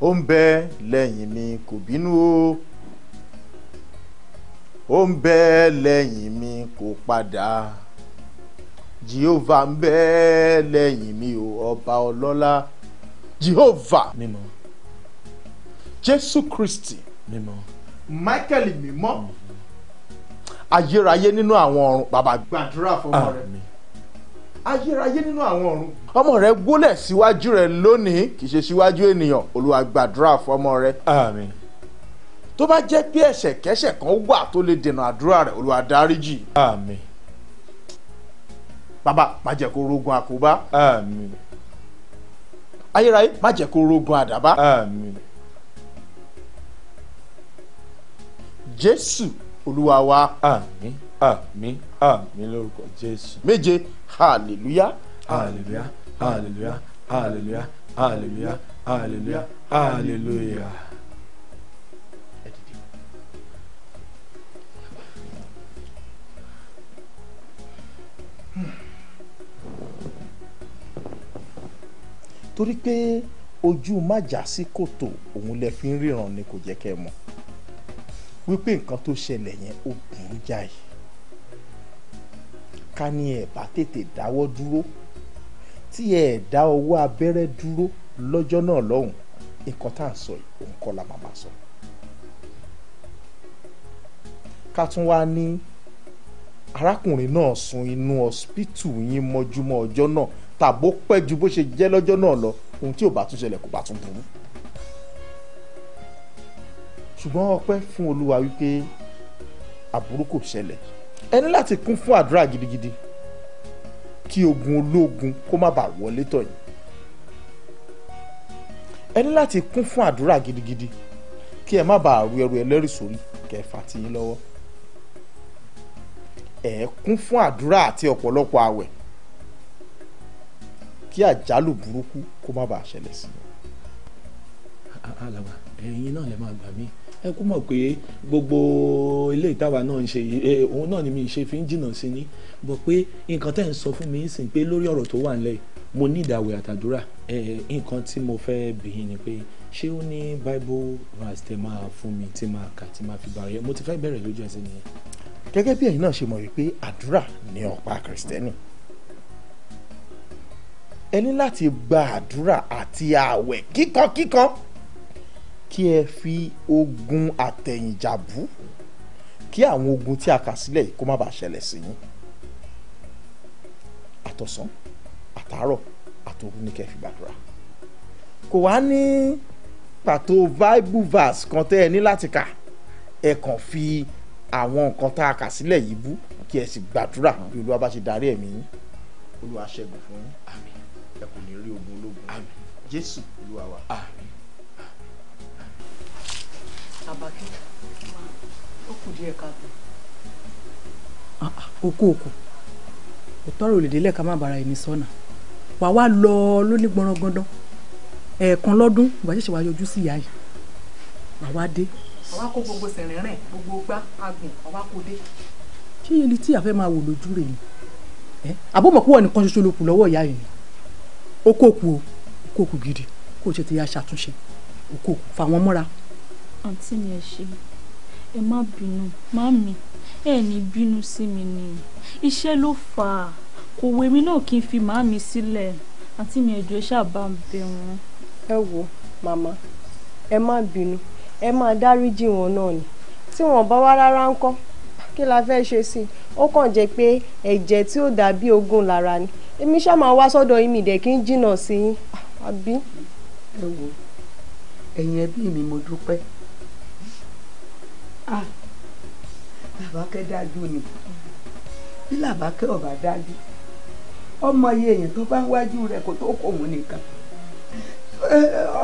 ó ń bẹ lẹ́yìn mi kò bínú o ó ń bẹ lẹ́yìn mi kò padà jehova ń bẹ lẹ́yìn mi o ọba ọlọ́lá jehova mímọ́ jésù kristi mímọ́ michael mímọ́ ayérayé nínú àwọn ọ̀run bàbá gbàdúrà fọmọ rẹ ayérayé nínú àwọn ọ̀run. ọmọ rẹ gbólẹ̀ síwájú rẹ lónìí kì í ṣe síwájú ènìyàn olúwa gbàdúrà fọmọ rẹ. àmín. tó bá jẹ́ pé ẹ̀ṣẹ̀kẹ́ṣẹ̀ kan wà tó lè dènà àdúrà rẹ olúwa dáríjì. àmín. bàbá má jẹ́ kó rogun àkóbá. àmín. ayérayé má jẹ́ kó rogun àdàbá. àmín. jésù olúwa wa. àmín àmín àmín lórúkọ jésù. méje hallelujah hallelujah hallelujah hallelujah hallelujah hallelujah hallelujah. torí pé ojú májà sí kòtò òun lè fi ń ríran ni kò jẹ́ kẹ́ ẹ mọ̀ wípé nǹkan tó ṣẹlẹ̀ yẹn ó burú jáì ká ní ẹ bá tètè dáwọ́ dúró tí ẹ dá ọwọ́ abẹ́rẹ́ dúró lọ́jọ́ náà lọ́hùn nǹkan tá à ń sọ yìí òun kọ́ la màmá sọ. ká tún wá ní arákùnrin náà sun inú ọsibítù yín mọ́júmọ́ ọjọ́ náà tàbó pẹ́ ju bó ṣe jẹ́ lọ́jọ́ náà lọ ohun tí ò bá tún ṣẹlẹ̀ kò bá tún burú. ṣùgbọ́n ọpẹ́ fún olúwa wípé aburú kò ṣẹlẹ̀ ẹ ní láti kún fún àdúrà gidigidi kí ogun ológun kó má bàa wọlé tọ̀ yín ẹ ní láti kún fún àdúrà gidigidi kí ẹ má bàa ru ẹrù ẹlẹ́rìí sórí kẹfà tí yín lọ́wọ́ ẹ kún fún àdúrà àti ọ̀pọ̀lọpọ̀ àwẹ̀ kí àjálù burúkú kó má bàa ṣẹlẹ̀ sí i. alàgbà ẹ̀yin náà lè máa gbà mí ẹ kú mọ̀ pé gbogbo ilé ìtawà náà ń ṣe òun náà ni mi ṣe fi ń jìnnà sí ni bọ̀ pé nǹkan tẹ́ ń sọ fún mi ń sìn pé lórí ọ̀rọ̀ tó wà nílẹ̀ mo ní ìdàwẹ̀ àtàdúrà nǹkan tí mo fẹ́ bìyìn ni pé ṣé ó ní bible verse tẹ máa fún mi tí máa kà tí máa fi bàrẹ̀ mo ti fẹ́ bẹ̀rẹ̀ lójú ẹsẹ̀ nìyẹn. gẹ́gẹ́ bí ẹ̀yin náà ṣe mọ̀ wípé àdúrà ni ọ̀pá kìrìsìtẹ́nì ẹ ní láti gba àdúrà àti ààwẹ̀ kíkan kíkan kí ẹ fi ogun àtẹ̀yìnjà bú kí àwọn ogun tí a kà sílẹ̀ yìí kó má bàa ṣẹlẹ̀ sí yín àtọ̀sán àtàárọ̀ àtòru ní kẹ́ fi gbàdúrà kò wá ní pàtó bible verse kan tẹ́ ẹ ní láti kà ẹ kàn fi àwọn nǹkan tá a kà sílẹ̀ yìí bú kí ẹ sì gbàdúrà bí olúwa bá ṣe darí ẹ̀mí yín olúwa ṣẹ́gun fún yín ẹ kò ní rí ogun ológun jésù olúwa wa. Amen àbákí ó kù díẹ̀ káàtó. okú ah, ah, okú òtọ́rọ̀ òlèdè lẹ́ka má bàrà ẹni sọ́nà wà wá lọ lóní gbọ́nrán gandan ẹ̀ẹ̀kan lọ́dún ìgbà ṣẹ̀ṣẹ̀ wàá yọjú sí ìyá yìí wà wá dé. àwa kó gbogbo sẹ̀rẹ̀rẹ̀ gbogbo gbá agùn àwa kó dé. ṣé iye ni tí àfẹ́ máa wò lójú rẹ̀ ni àbọ̀mọ̀pọ̀ nìkan ṣoṣo ló kù lọ́wọ́ ìyá yìí ni ó kò kò o ṣe ti yá ṣàtúnṣe ó kò kù fàwọn mọ́ra àǹtí mi ẹ ṣe ẹ má bínú màmí ẹ ní bínú sí mi ni iṣẹ́ ló fà á kò wo èmi náà kí n fi màmí sílẹ̀ àǹtí mi ẹjọ́ ẹ ṣáà bá ń bẹ wọn. ẹ wo màmá ẹ má bínú ẹ máa dáríjì wọn náà ni tí wọn bá wá rárá ń kọ́ kí la fẹ́ ṣe sí i ó kàn jẹ́ pé ẹ̀jẹ̀ tí ó dàbí ogún lára ni èmi ṣáà máa wá sọ́dọ̀ yín mi dẹ̀ kí n jìnnà sí i àbí. ẹ wo ẹ̀yin ẹbí mi mo dúpẹ́ Ah. làbákẹ́ dájú ni bí làbákẹ́ ọ̀bà dájú ọmọ iye èèyàn tó bá ń wájú rẹ̀ kó tó kò mú nìkan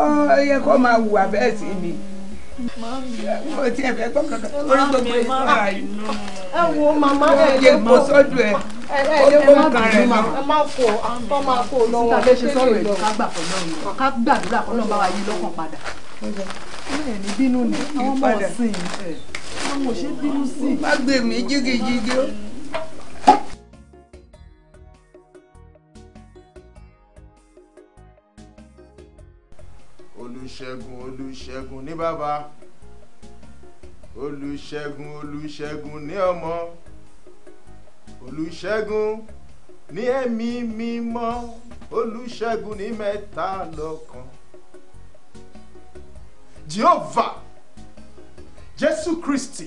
ọ yẹ kó máa hùwà bẹ́ẹ̀ sí mi mo ti ẹ fẹ́ gbọ́ kankan orí gbogbo ẹ sọ̀rọ̀ àyè ẹ wo màmá ẹ lè mọ sọ́dọ̀ ẹ ẹ lè mọ kan rẹ mọ ẹ má kó ọ má kó lọ́wọ́ ẹ ṣe sọ̀rọ̀ ẹ ká gbà fọlọ ni ká gbàdúrà kọlọ bá wa yí lọ́kàn padà. bínú ni àwọn ọmọ ọ̀sìn yìí mo ṣe bínú sí. má gbé mi jigijigi o. olùṣègùn olùṣègùn ní bàbá olùṣègùn olùṣègùn ní ọmọ olùṣègùn ní ẹ̀mí mímọ́ olùṣègùn ní mẹ́ta lọ́kan jehovah jésù kristi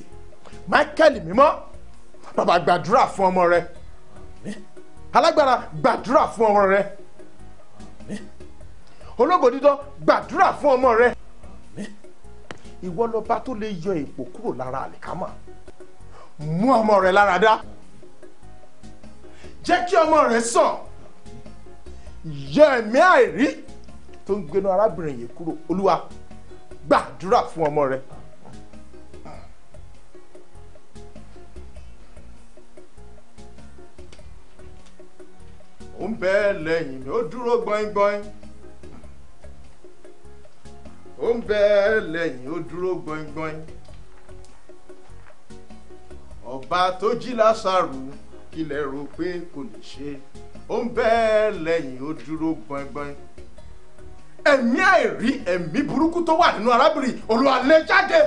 michael mímọ́ bàbá gbàdúrà fún ọmọ rẹ alágbára gbàdúrà fún ọmọ rẹ ológo dídán gbàdúrà fún ọmọ rẹ ìwọ lọba tó lè yọ èpò kúrò lára àlìkámà mú ọmọ rẹ lára dá jẹ́ kí ọmọ rẹ sàn yọ ẹ̀mí àìrí tó ń gbénu arábìnrin yìí kúrò olúwa gbàdúrà fún ọmọ rẹ. ó ń bẹ lẹ́yìn mi ó dúró gbọ́ngbọ́n ó ń bẹ lẹ́yìn ó dúró gbọ́ngbọ́n ọba tó jí lásàrù kílẹ̀ rò pé kò lè ṣe ó ń bẹ lẹ́yìn ó dúró gbọ́ngbọ́n ẹ̀mí àìrí ẹ̀mí burúkú tó wà nínú arábìnrin Olúwa jáde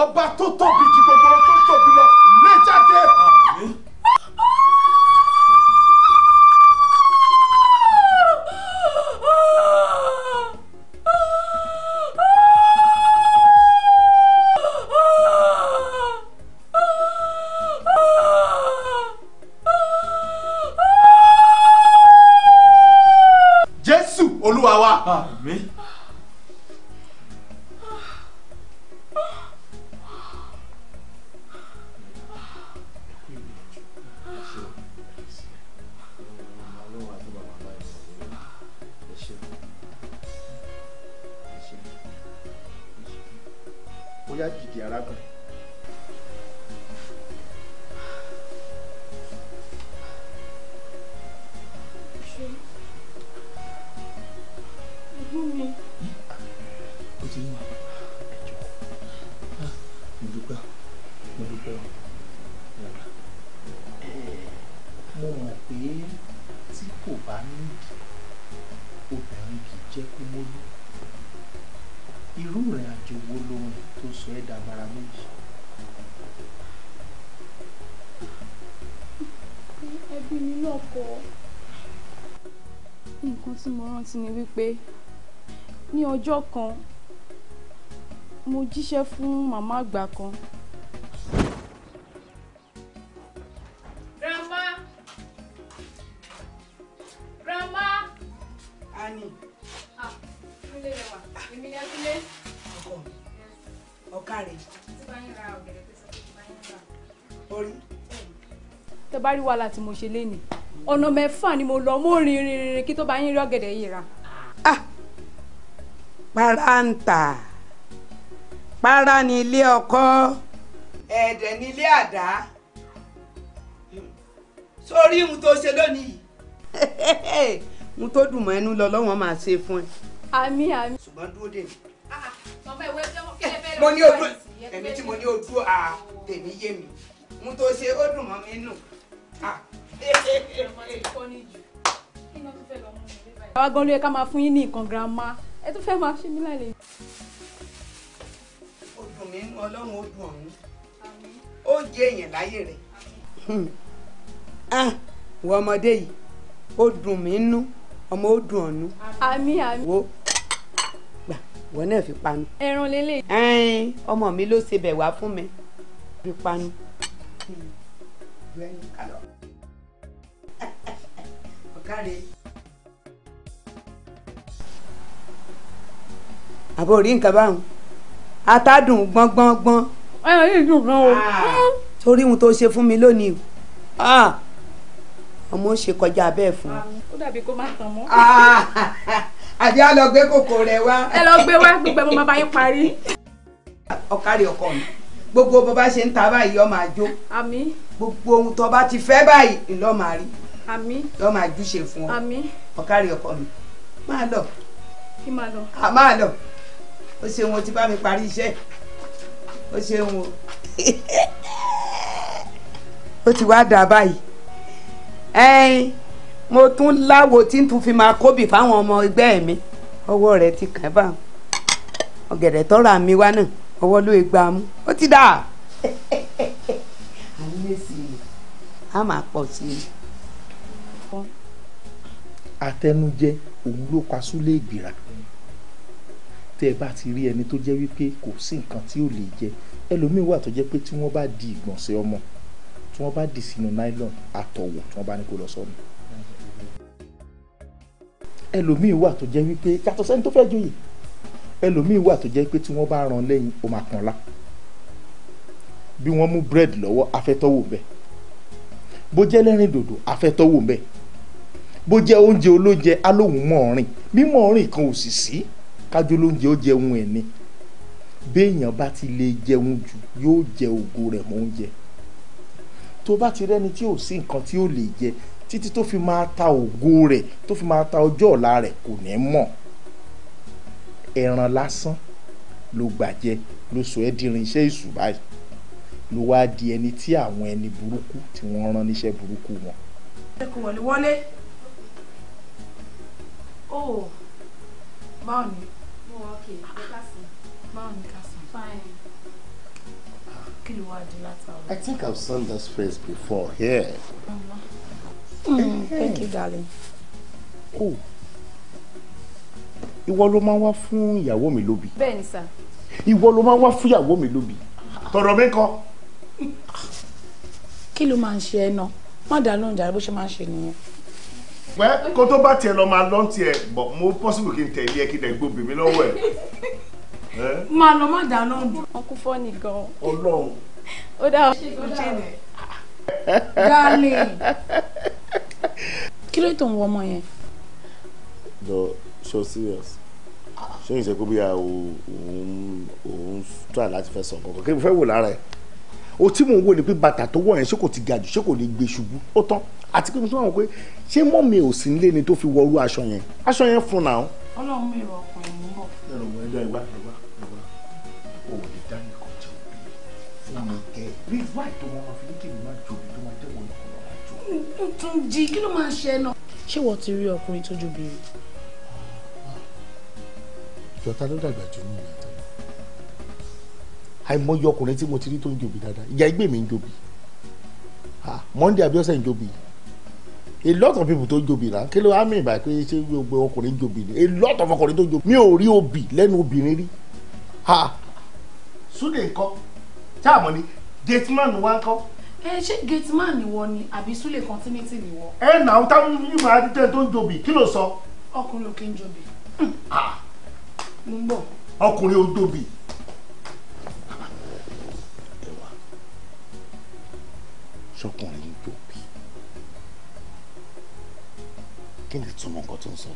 ọba tó tóbi ju gbogbo tó tóbi lọ lé jáde. Àmín. ó yá dìde arákùnrin. nídìí obìnrin kì í jẹ́ kó mólú irú ìrìn àjò wo ló rìn tó sọ ẹ́ dàbàrà méjì. ẹbí mi náà kọ nǹkan tí mo rántí ni wípé ní ọjọ́ kan mo jíṣẹ́ fún màmá àgbà kan. wá rí wàhálà tí mo ṣe lé ni ọ̀nà mẹ́fà ni mo lọ mo rìn rìn rìn kí tó bá yín rí ọ̀gẹ̀dẹ̀ yìí ra. Ah! para ń tà para ní ilé ọkọ ẹ̀ẹ̀dẹ̀ ní ilé àdá sórí ohun tó ṣe lónìí yìí. [LAUGHS] ohun tó dùn mọ́ ẹnu lọ lọ́wọ́n máa ṣe fún ẹ. àmì àmì. ṣùgbọ́n dúró dè mí. ọmọ ah, ìwé tí wọ́n kẹ́lẹ́ bẹ́ẹ̀ lọ́wọ́ ẹ̀sìn yẹn. èmi tí mo ní ojú à ah, tèmi yé mi ohun tó ṣe ó dùn mọ́ mi nù àwa gan ló yẹ ká máa fún yín ní nǹkan girama ẹ tún fẹ́ máa ṣe mí lálẹ́. ó dùn mí ọlọ́run ó dùn ọ̀hún ó jẹ èèyàn láyé rẹ̀. wọ ọmọdé yìí ó dùn mí nú ọmọ ó dùn ọ̀nú. àmì àmì. wo gbà wọ́n náà fi panu. ẹran lélẹ̀. ọmọ mi ló ṣe bẹ̀ wá fún mi fi panu. Mm. Bueno, calor káre. àbò rí nǹkan báwọn atádùn gbọ́ngbọ́ngbọ́n. ẹ ẹ yìí dùn gan o. Ah. torí ohun tó ṣe fún mi lónìí ah. ọmọ ó ṣe kọjá bẹ́ẹ̀ fún ọ. ó dàbí kó má tán mọ́. Ah. [LAUGHS] àdé á lọ gbé kòkò rẹ wá. ẹ lọ gbé wá gbogbo ẹmọ bàbá yín parí. ọ̀kárí ọkọ mi gbogbo bó bá ṣe ń ta báyìí ó máa gbogbo ohun tó bá ti fẹ́ báyìí ńlọ máa rí. Ami, yóò máa júṣe fún ọ àmín ọ̀kárí ọkọ mi máa lọ kí máa lọ à máa lọ ó ṣeun o ti bá mi parí iṣẹ́ ó ṣeun o ó ti wá dà báyìí mo tún láwo tí n tún fi máa kóbì fáwọn ọmọ ẹgbẹ́ mi ọwọ́ rẹ ti kàn bá ọ̀gẹ̀dẹ̀ tọ́ra mi wá náà ọwọ́ ló gbà mú ó ti dà. à ń a máa pọ̀ sí i atẹnujẹ òun ló pa súlé ìgbìrà tẹ ẹ bá ti rí ẹni tó jẹ́ wípé kò sí nǹkan tí ò lè jẹ ẹlòmíín wà tó jẹ́ pé tí wọ́n bá di ìgbọ̀nsẹ̀ ọmọ tí wọ́n bá dì sínú nylon àtọ̀wọ̀ tí wọ́n bá ní kó lọ sọnù ẹlòmíín wà tó jẹ́ wípé yàtọ̀ sẹ́ni tó fẹ́ joyè ẹlòmíín wà tó jẹ́ pé tí wọ́n bá ran lẹ́yìn ó máa kàn lá bí wọ́n mú búrẹ́dì lọ́wọ́ afẹ́tọ́wò bẹ́ẹ̀ bó jẹ́ lẹ́rìn dòdò afẹ́tọ́wò bẹ́ẹ̀ bó jẹ́ oúnjẹ olóúnjẹ alóhùn mọ̀ọ́rìn bí mọ̀ọ́rìn kan ò sì sí kájọ olóúnjẹ ó jẹun ẹ̀ ni béèyàn bá ti lè jẹun jù yóò jẹ ògo rẹ̀ mọ́ oúnjẹ tó bá ti rẹ́ni tí ò sí nǹkan tí ó lè jẹ títí tó fi máa ta ògo rẹ̀ tó fi máa ta ọjọ́ ọ̀la rẹ̀ kò ní mọ̀ ẹran lásán ló gbàjẹ ló sọ ẹ́ dirin iṣẹ́ ìṣù báyìí ló wáá di ẹni tí àwọn ẹni burúkú tí wọ́n rán níṣẹ́ burúkú wọn. ẹ kò wọlé wọlé oh báwo Oh, okay. wà ókè ẹ fine. kí ló wá di látàwọn. I think I've seen this face before here. Mama. Mm-hmm. Mm, hey. Thank you darling. oh ìwọ ló máa ń wá fún ìyàwó mi lóbi. bẹ́ẹ̀ni sà. ìwọ ló máa ń wá fún ìyàwó mi lóbi. tọrọ mi kọ. kí ló máa ń ṣe ẹ náà má dá lóhùn jàre bó ṣe máa ń ṣe nìyẹn wẹ́ kó tó bá tiẹ̀ lọ máa lọ́n tiẹ̀ bọ̀ mo possible kí n tẹ̀lé ẹ kí n dẹ̀ gbóbi mi lọ́wọ́ ẹ̀. máa lọ má dáná dùn. wọn kú fọ́ ni gan. o, ó o, ṣe kó ṣẹlẹ̀. gálẹ̀. kí ló tó ń wọ ọmọ yẹn. lọ so serious ṣé ìṣe kó bí i òun òun try láti fẹ́ sọ kankan kí n fẹ́ wò lára ẹ̀ o tí mò ń wò ni pé bàtà tó wọ̀ yẹn ṣé kò ti ga jù ṣé kò lè gbé ṣubú ó tán àti pé mo tún wà wọ́n pé ṣé mọ́ mi ò sí nílé ni tó fi wọrú aṣọ yẹn aṣọ yẹn fún náà. ọlọ́run mi rọ ọkùnrin mi bọ̀. ẹ̀rọ mi ẹjọ́ ìgbà ìgbà ìgbà ò lè dá nìkan jẹ́ òbí fún mi kẹ́ ẹ̀ rí wáì tó wọn máa fi ní kí mi máa jò mí tó máa jẹ́ wọn lọ́kọ̀ máa jò. tún jí kí ló máa ṣe ẹ náà. ṣé wọ́n ti rí ọkùnrin tó jóbìnrin. ìjọta ló dàgbà jù ní ìyá tẹ́lẹ̀ àìmọye ọkùnrin tí mo ti rí tó ń jòbí dáadáa ìyá ẹgbẹ́ mi ń jòbí ah, Monday àbí ọ̀sẹ̀ ń jòbí yìí a lot of people tó jobi náà kí ló wá mí ìbá pé ṣé gbogbo ọkùnrin jobi ni a lot of ọkùnrin tó jobi mi ò rí obì lẹ́nu obìnrin rí ha Sunday ńkọ́ ṣáà mọ̀ ni gateman wa ńkọ́. ẹ ṣé gateman ni wọ́n ni àbí Sunday continuity ni wọ́n. ẹ nà ó táwọn yìí máa tẹ tó ń jobi kí ló sọ. ọkùnrin ló kí ń jobi. Hmm. mo ń bọ̀. ọkùnrin ò jobi. sọkùnrin kí ni túmọ̀ nǹkan tó ń sọ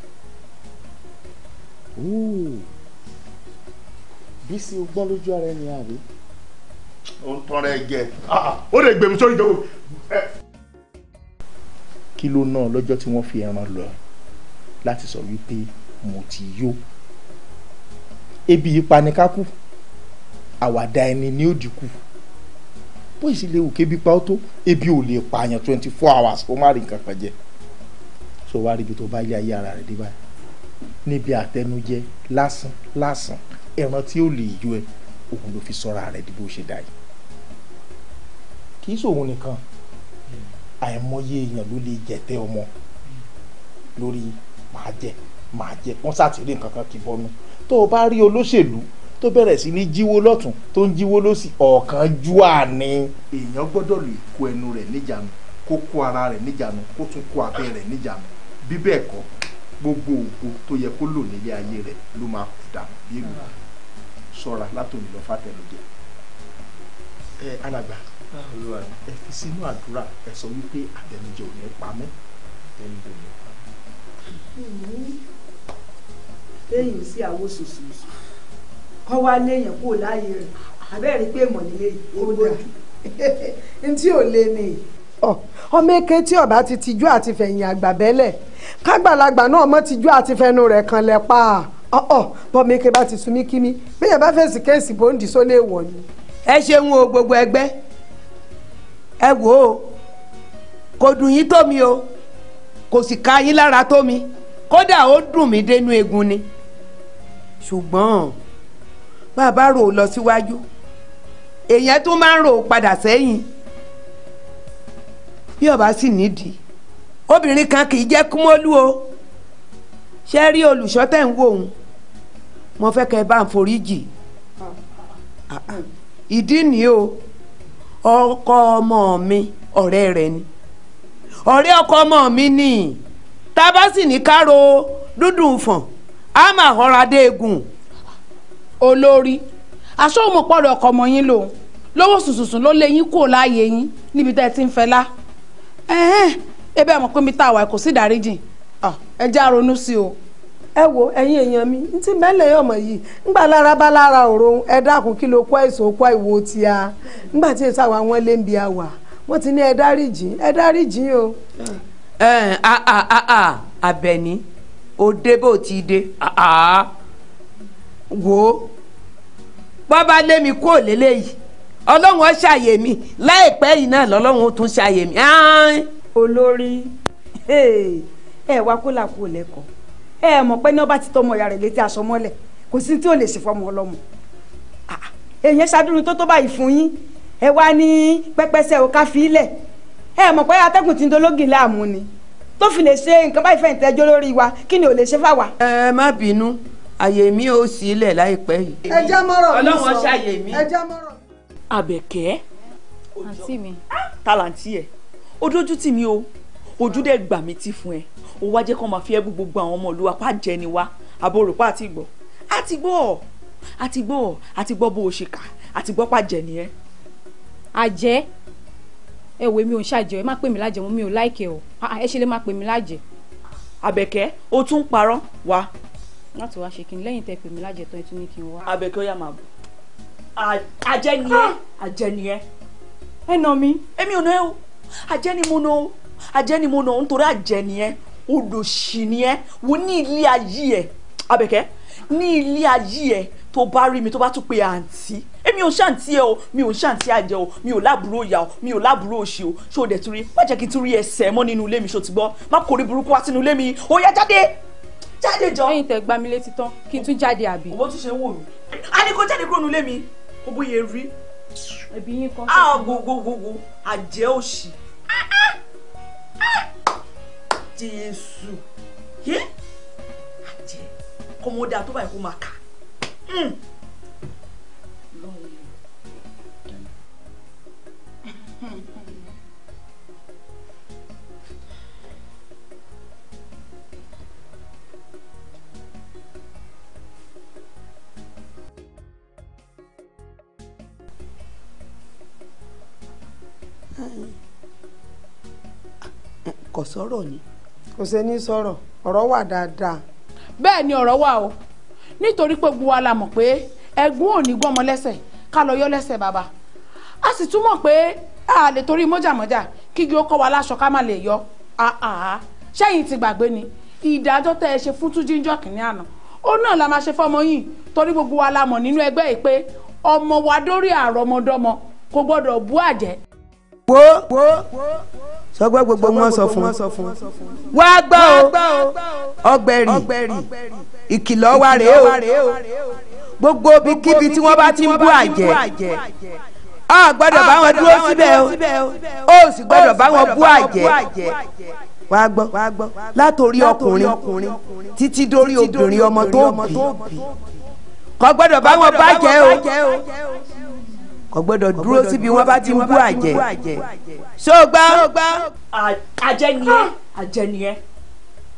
bí sí o gbọ́n lójú ara ẹni àbí. ó ń tọrọ ẹ jẹ ah, ó lè gbèmí sórí ìjọba. kí ló náà lọ́jọ́ tí wọ́n fi ẹran lọ láti sọ wípé mo ti yó ebi ìpanikákú àwàdà ẹni ni ó dínkù bó ìsìlẹ̀ òkè bí pa ó tó ebi ò lè pààyàn twenty four hours ó má rí nǹkan kan jẹ sọ wá ríbi tó bá yá ayé ara rẹ̀ dé báyìí níbi àtẹnujẹ lásán lásán ẹran tí ó lè yọ ẹ òun ló fi sọ́ra rẹ̀ di bó ṣe dà yìí kì í ṣòun nìkan àìmọye èèyàn ló lè jẹ̀tẹ́ ọmọ lórí màá jẹ màá jẹ wọ́n ṣàtìrí nǹkan kan kì í bọ́nu tó o bá rí olóṣèlú tó bẹ̀rẹ̀ sí ní jíwó lọ́tún tó ń jíwó lọ́sì ọ̀kan jú àní. èèyàn gbọ́dọ̀ lè kó ẹnu rẹ̀ níjànú kó kó ara rẹ̀ níjànú kó tún kó abẹ́ rẹ̀ níjànú bí bẹ́ẹ̀ kọ́ gbogbo ògo tó yẹ kó lò nílé ayé rẹ̀ ló máa dà bí èlò sọ́ra látòmí lọ fàtẹ̀lójẹ ẹ alàgbà ẹ fi sínú àdúrà ẹ sọ wípé àtẹnujẹ ò ní pa mí. téèyàn sí àwo sòsòsò kọ́ wá léèyàn kó láàyè rẹ̀ abẹ́rẹ́ pé mọ̀ nílé yìí ó dà [LAUGHS] ntí ò lé ni ọmọ eke tí ọba ti tijú àti fẹ̀yìn àgbà bẹ́lẹ̀ kágbàlagbà náà mọ́ tijú àti fẹnu rẹ̀ kan lẹ̀ pa ọ̀ọ́ bọ́mọ eke bá ti sunmí kíní bẹ́ẹ̀ bá fèsì kéèsì bòńdì sólè wọ̀ ni. ẹ ṣeun o gbogbo ẹgbẹ́ ẹ wò ó kò dùn yín tó mi o kò sì ká yín lára tó mi kódà ó dùn mí dénú egun ni ṣùgbọ́n bàbá rò lọ síwájú èèyàn tún máa ń rò padà sẹ́yìn bí ọba sì nídìí obìnrin kan kì í jẹ́ kúmọ́lú o ṣe rí olùṣọ́ tẹ̀ ń wò òun mo fẹ́ kẹ́ ẹ bá ń foríjì ìdí nìyí o ọkọ ọmọ mi ọ̀rẹ́ rẹ̀ ni ọ̀rẹ́ ọkọ ọmọ mi ni tá a bá sì ní káro dúdùn fọ̀n á máa họra dé egun. olórí aṣọ́wọ́mọ̀pọ̀ rẹ̀ ọkọ ọmọ yín lòun lọ́wọ́ sùsùsùn ló lé yín kúrò láàyè yín níbi tẹ́ ẹ ti ń fẹ́lá ebe mọ̀ pé mi tá a wà kò sí ìdáríjìn ẹ já ronú sí o. ẹ wo ẹ̀yin èèyàn mi ntí mẹ́lẹ̀ yọ̀ mọ̀ yìí ńgbà lára bá lára òrun ẹ dákun kí ló kọ́ èso kọ́ ìwo ti a ńgbà tí èso àwa wọn lé ń bi àwà wọ́n ti ní ẹ dáríjìn ẹ dáríjìn o. ẹ ẹ a a a a Àbẹ̀ní o dé bó ti dé wo bọ́ bá lé mi kó lélẹ́yìí ọlọ́run ó ṣàyè mi láìpẹ́ yìí náà lọ́lọ́run ó tún ṣàyè mi. olórí ẹ wá kó làkú lẹ́kọ̀ọ́ ẹ mọ̀ pé ní ọba ti tọmọ ìyá rẹ̀ létí aṣọ mọ́lẹ̀ kò sí tí ò lè ṣe fọmọ ọlọ́mọ èèyàn ṣàdúró tó tó báyìí fún yín ẹ wá ní pẹ́pẹ́sẹ́ ò ká fi í lẹ̀ ẹ mọ̀ pé atẹ́kùn ti ń dológin láàmú ni tó fi lè ṣe nǹkan báyìí fẹ̀yìntì ẹjọ́ lórí wa kí ni ò lè ṣe fáwa. ẹ má bínú àyè mi ò sílẹ̀ láìpẹ́ yìí. ẹ já mọ́rọ̀ mi sọ ẹ já mọ́rọ̀ àbẹ̀kẹ́. àǹtí mi. tàlàǹtì ẹ̀ ó dójú tì mí o ojú dẹ̀ gbà mí ti fún ẹ ó wá jẹ́ kó máa fi ẹ́ bú gbogbo àwọn ọmọ ìlú apá jẹ ni wá àbòròpá àti gbọ́ àti gbọ́ àti gbọ́ àti gbọ́ bó o ṣe kà àti gbọ́ pàjẹ́ ni ẹ. àjẹ́ ẹ wo èmi ò ń ṣàjẹ́ ẹ má pè mí lájẹ́ mo mi ò láìkẹ́ o ẹ ṣe lè má pè mí lájẹ́. àbẹ̀kẹ́ o tún parọ́ wá. láti wá ṣe kí n lẹ́yìn tẹ́ pè mí lájẹ́ tán ẹ tún ní kí n wá. àbẹ̀kẹ́ ó yá máa bọ̀ àjẹni ẹ àjẹni ẹ ẹ nà mí. èmi ò náà o àjẹni mo náà o àjẹni mo náà nítorí àjẹni ẹ olòṣì ni ẹ wo ní ilé ayé ẹ Àbẹ̀kẹ́ ní ilé ayé ẹ tó bá rí mi tó bá tún pe àǹtí èmi ò ṣàǹtí ẹ o mi ò ṣàǹtí àjẹ o mi ò láàbúrò ìyá o mi ò láàbúrò òṣì o ṣé o dẹ̀ tún rí má jẹ́ kí n tún rí ẹsẹ̀ mọ́ nínú ilé mi ṣó ti gbọ́ má kórè burúkú wá sínú ilé mi ó yá jáde jáde jọ. lẹ́yìn tẹ gbá mi tán kí n tún jáde àbí. òwò tún ṣe ń wò mí. a ní kó jáde kúrò nílé mi ó bóyá rí ẹbí yín kan sọ fún mi. gbogbogbogbo àjẹ́ òṣì jésù àjẹ́ kọ́mọdé àtọ́bàyẹ̀ kó máa kà. Hmm. sọ̀rọ̀ ni. kò ṣe ní sọ̀rọ̀ ọ̀rọ̀ wà dáadáa. bẹ́ẹ̀ ni ọ̀rọ̀ wà o nítorí pé gbogbo wa la mọ̀ pé ẹ̀gbọ́n ò ní gbọ́mọ lẹ́sẹ̀ yọ lẹ́sẹ̀ bàbá a sì túmọ̀ pé a lè torí mọ́jàmọ́jà ó kọ́ wa láṣọ ká má lè yọ ṣẹ́yìn ti gbàgbé ni ìdájọ́ tẹ ẹ ṣe fún túnjí àná ó náà la máa ṣe fọ́mọ yìí torí gbogbo wa nínú ẹgbẹ́ yìí pé ọmọ wa dórí kò gbọ́dọ̀ bú àjẹ́. sọgbọ́n gbogbo wọn sọ fún un wá gbọ́ o ọgbẹ̀rì ìkìlọ̀ wa rèé o gbogbo ibikíbi tí wọ́n bá ti ń bú àjẹ́ a gbọ́dọ̀ bá wọn dúró síbẹ̀ o ó sì gbọ́dọ̀ bá wọn bú àjẹ́ wá gbọ́ látòrí ọkùnrin títí dórí obìnrin ọmọ tó bì kò gbọ́dọ̀ bá wọn bàjẹ́ o kò gbọ́dọ̀ dúró síbi wọ́n bá ti ń kú àjẹ́ ṣó gbá. àjẹ́ ni ẹ́ àjẹ́ ni ẹ́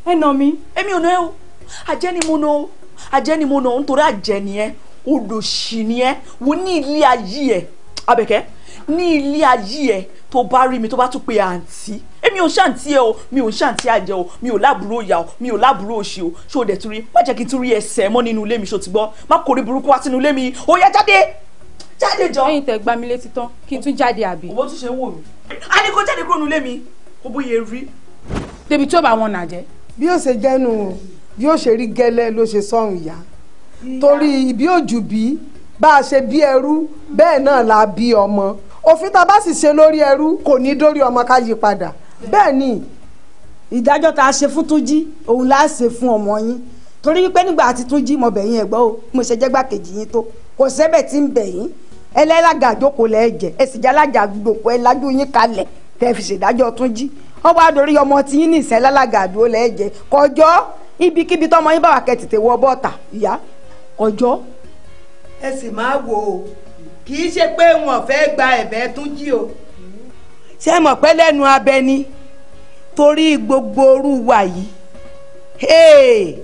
ẹ nà mí èmi ò ná ẹ o àjẹ́ ni mo ná o àjẹ́ ni mo ná o nítorí àjẹ́ ni ẹ́ olòṣì ni ẹ́ wo ní ilé ayé ẹ̀ abẹ́kẹ́ ní ilé ayé ẹ̀ tó bá rí mi tó bá tún pe àǹtí èmi ò ṣàǹtí ẹ o mi ò ṣàǹtí àjẹ o mi ò lábúrò ìyá o mi ò lábúrò òṣì o ṣó o dẹ̀ tún rí má jẹ́ kí n tún rí ẹsẹ̀ mọ́ nínú ilé mi ṣó ti gbọ́ má kórè burúkú wá sínú ilé mi ó yá jáde jáde jọ. ẹ̀yin tẹ gbá mi létí tán kí n tún jáde àbí. owó tún ṣe ń wò mí. a ní kó jáde kúrò nílé mi kó bóyá rí. débi tí ó bá wọn nà jẹ. bí ó ṣe jẹ́nu bí ó ṣe rí gẹ́lẹ́ ló ṣe sọ̀hún ìyá torí ibi òjù bí bá a ṣe bí ẹrú bẹ́ẹ̀ náà la bí ọmọ òfin tá a bá sì ṣe lórí ẹrú kò ní dórí ọmọ ká yí padà bẹ́ẹ̀ ni ìdájọ́ tá a ṣe fún Túnjí òun la ṣe fún ọmọ yín torí wípé nígbà tí Túnjí mo bẹ̀ ẹ̀gbọ́n o mo ṣe jẹ́gbàkejì yín tó kò sẹ́bẹ̀ tí ń bẹ̀ ẹlẹ́làgà àjókòó lẹ́ẹ̀jẹ̀ ẹ̀sìnjà alájà gbòkó ẹ̀ lájú yín kalẹ̀ tẹ́ fi ṣèdájọ́ tún jí ọwọ́ àdórí ọmọ tí yín ní ìsẹ́lálàgà àdúró lẹ́ẹ̀jẹ̀ kọjọ́ ibikíbi tọmọ yín bá wà kẹ́ wọ bọ́ọ̀tà ìyá kọjọ́. ẹ sì máa wò ó kì í ṣe pé wọn fẹ́ gba ẹ̀bẹ̀ tún jí o. ṣé mọ̀ pé lẹ́nu abẹ ni torí gbogbo orú wa yìí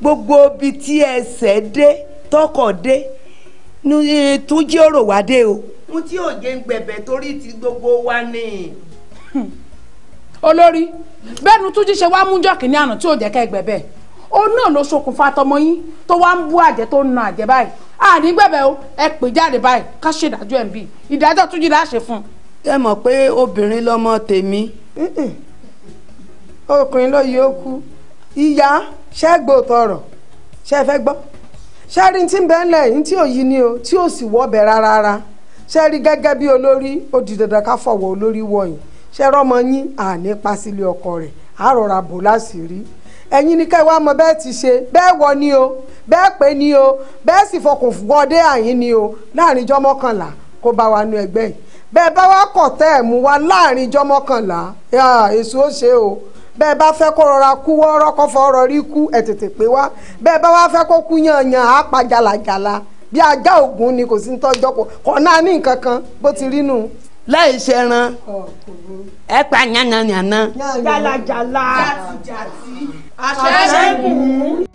gbogbo ibi tí ẹsẹ̀ dé tọkọ̀ dé E, tó jíròrò wá dé o. mo tí ò jẹ́ ń gbẹ̀bẹ̀ torí ti gbogbo wa ni. [LAUGHS] olórí bẹ́ẹ̀ ni túnjí ṣe wá mú jọ́kìnní àná tí ò jẹ́ ká ẹ gbẹ̀bẹ̀ òun náà ló ṣokùnfà tọmọ yín tó wá ń bú àjẹ́ tó ń na àjẹ́ báyìí àní gbẹ̀bẹ̀ o ẹ pè jáde báyìí ká ṣe ìdájọ́ ẹ̀ ń bì ìdájọ́ túnjí la ṣe fún ẹ mọ̀ pé obìnrin lọmọ tèmi ọkùnrin ló yẹ ó kú ìyá ṣẹ́gbó tọrọ ṣẹ́ fẹ́ gbọ́ ṣẹ́rí tí ń bẹ́ẹ̀ lẹ̀ yín tí ò yí ni o tí ò sì wọ́ bẹ̀ rárá ṣẹ́rí gẹ́gẹ́ bí olórí ó di dandan ká fọ̀wọ́ olórí wọ̀nyí ṣẹ́rọ́ ọmọ yín àní pa sílé ọkọ rẹ̀ á rọra bò láṣìírí ẹ̀yin ni káwá mọ bẹ́ẹ̀ ti ṣe bẹ́ẹ̀ wọ ni o bẹ́ẹ̀ pé ni o bẹ́ẹ̀ sì fọkùn wọdé àyín ni o láàrin ijọ́ mọ́kànlá kó bá wa nu ẹgbẹ́ yìí bẹ́ẹ̀ bá wa kọ̀ tẹ́ ẹ̀ mú wa láàrin ijọ́ mọ́kànlá èso ó ṣe o bẹ́ẹ̀ bá fẹ́ kó rọra kú wọ́ọ́rọ́ kó fọ́ọ́rọ́ rí kú ẹ̀ tètè pé wá bẹ́ẹ̀ bá wá fẹ́ kó kú yànyàn á pa jàlàjàlà bí ajá ni kò sí ń tọ́jọ́ pọ̀ kọ́ náà ní nǹkan kan bó ti rí nù. láì ṣe ran ẹ pa yànnàyànnà. jàlàjàlà àṣẹ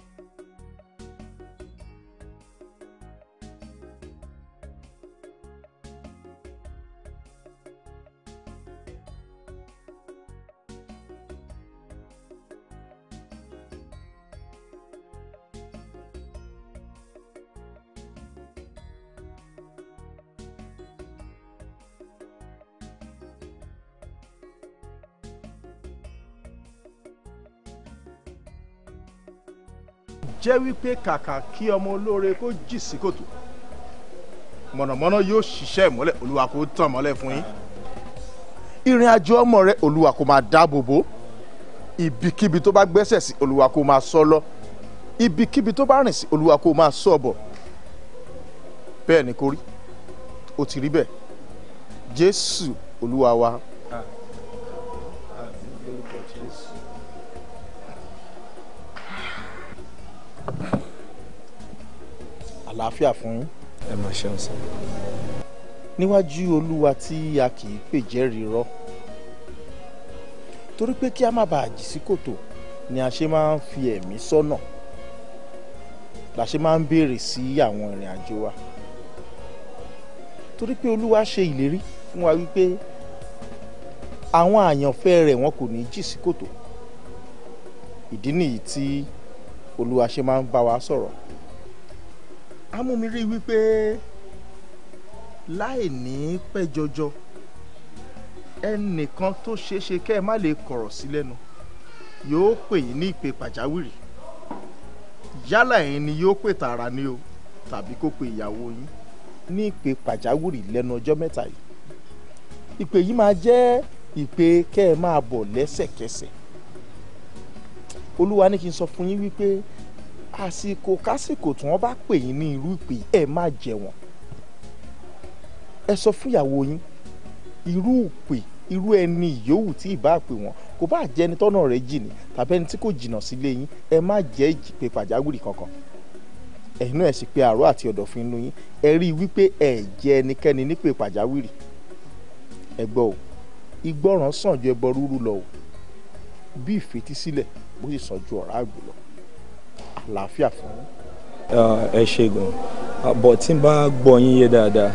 jẹ́ wípé kàkà kí ọmọ olóore kó jì sí kòtò mọ̀nàmọ́ná yóò ṣiṣẹ́ ìmọ́lẹ̀ olúwa kó tàn mọ́lẹ̀ fún yín ìrìn àjò ọmọ rẹ olúwa kó máa dáàbò bò ibikíbi tó bá gbẹ́sẹ̀ sí olúwa kó máa ṣọ́ lọ ibikíbi tó bá rìn sí olúwa kó máa ṣọ́ bọ̀ bẹ́ẹ̀ ni kò rí ó ti rí bẹ́ẹ̀ jésù olúwa wa. àlàáfíà fún yín. ẹ mọ̀ ṣeun sọ. níwájú olúwa tí a kì í pè jẹ́rìí rọ́ torí pé kí a má bàa jì sí kòtò ni a ṣe máa ń fi ẹ̀mí sọ́nà la ṣe máa ń béèrè sí àwọn ìrìn àjò wa torí pé olúwa ṣe ìlérí fún wa wípé àwọn àyànfẹ́ rẹ̀ wọn kò ní jì sí kòtò ìdí nìyí tí olúwa ṣe máa ń bá wa sọ̀rọ̀ amúmi rí wípé láì ní pẹ́ jọjọ ẹnìkan tó ṣeé ṣe kẹ́ ẹ má lè kọ̀rọ̀ sí lẹ́nu yóò pè yín ní ìpè pàjáwìrì yálà ẹ̀yin ni yóò pè tààrà ni o tàbí kó pe ìyàwó yín ní ìpè pàjáwìrì lẹ́nu ọjọ́ mẹ́ta yìí ìpè yìí máa jẹ́ ìpè kẹ́ ẹ máa bọ̀ lẹ́sẹ̀kẹsẹ̀ olúwa ní kí n sọ fún yín wípé àsìkò kásìkò tí wọ́n bá pè yín ní irú ìpè ẹ má jẹ wọ́n ẹ sọ fún ìyàwó yín irú ìpè irú ẹni ìyówù tí ì bá pè wọ́n kò bá jẹ́ ẹni tọ́nà rẹ̀ jìnnì tàbí ẹni tí kò jìnnà sílé yín ẹ má jẹ́ ìpè pàjáwìrì kankan ẹ̀yin ẹ̀ sì pe àrò àti ọ̀dọ̀fín inú yín ẹ rí i wípé ẹ jẹ́ ẹnikẹ́ni nípè pàjáwìrì ẹ gbọ́ o ìgbọràn sàn ju ẹbọ rúrú lọ o bí ìfetísílẹ̀ bó sì sàn ju ọ̀rá àgbò lọ àlàáfíà fún. ẹ ṣe gan bọ̀ tí n bá gbọ́ yín yé dáadáa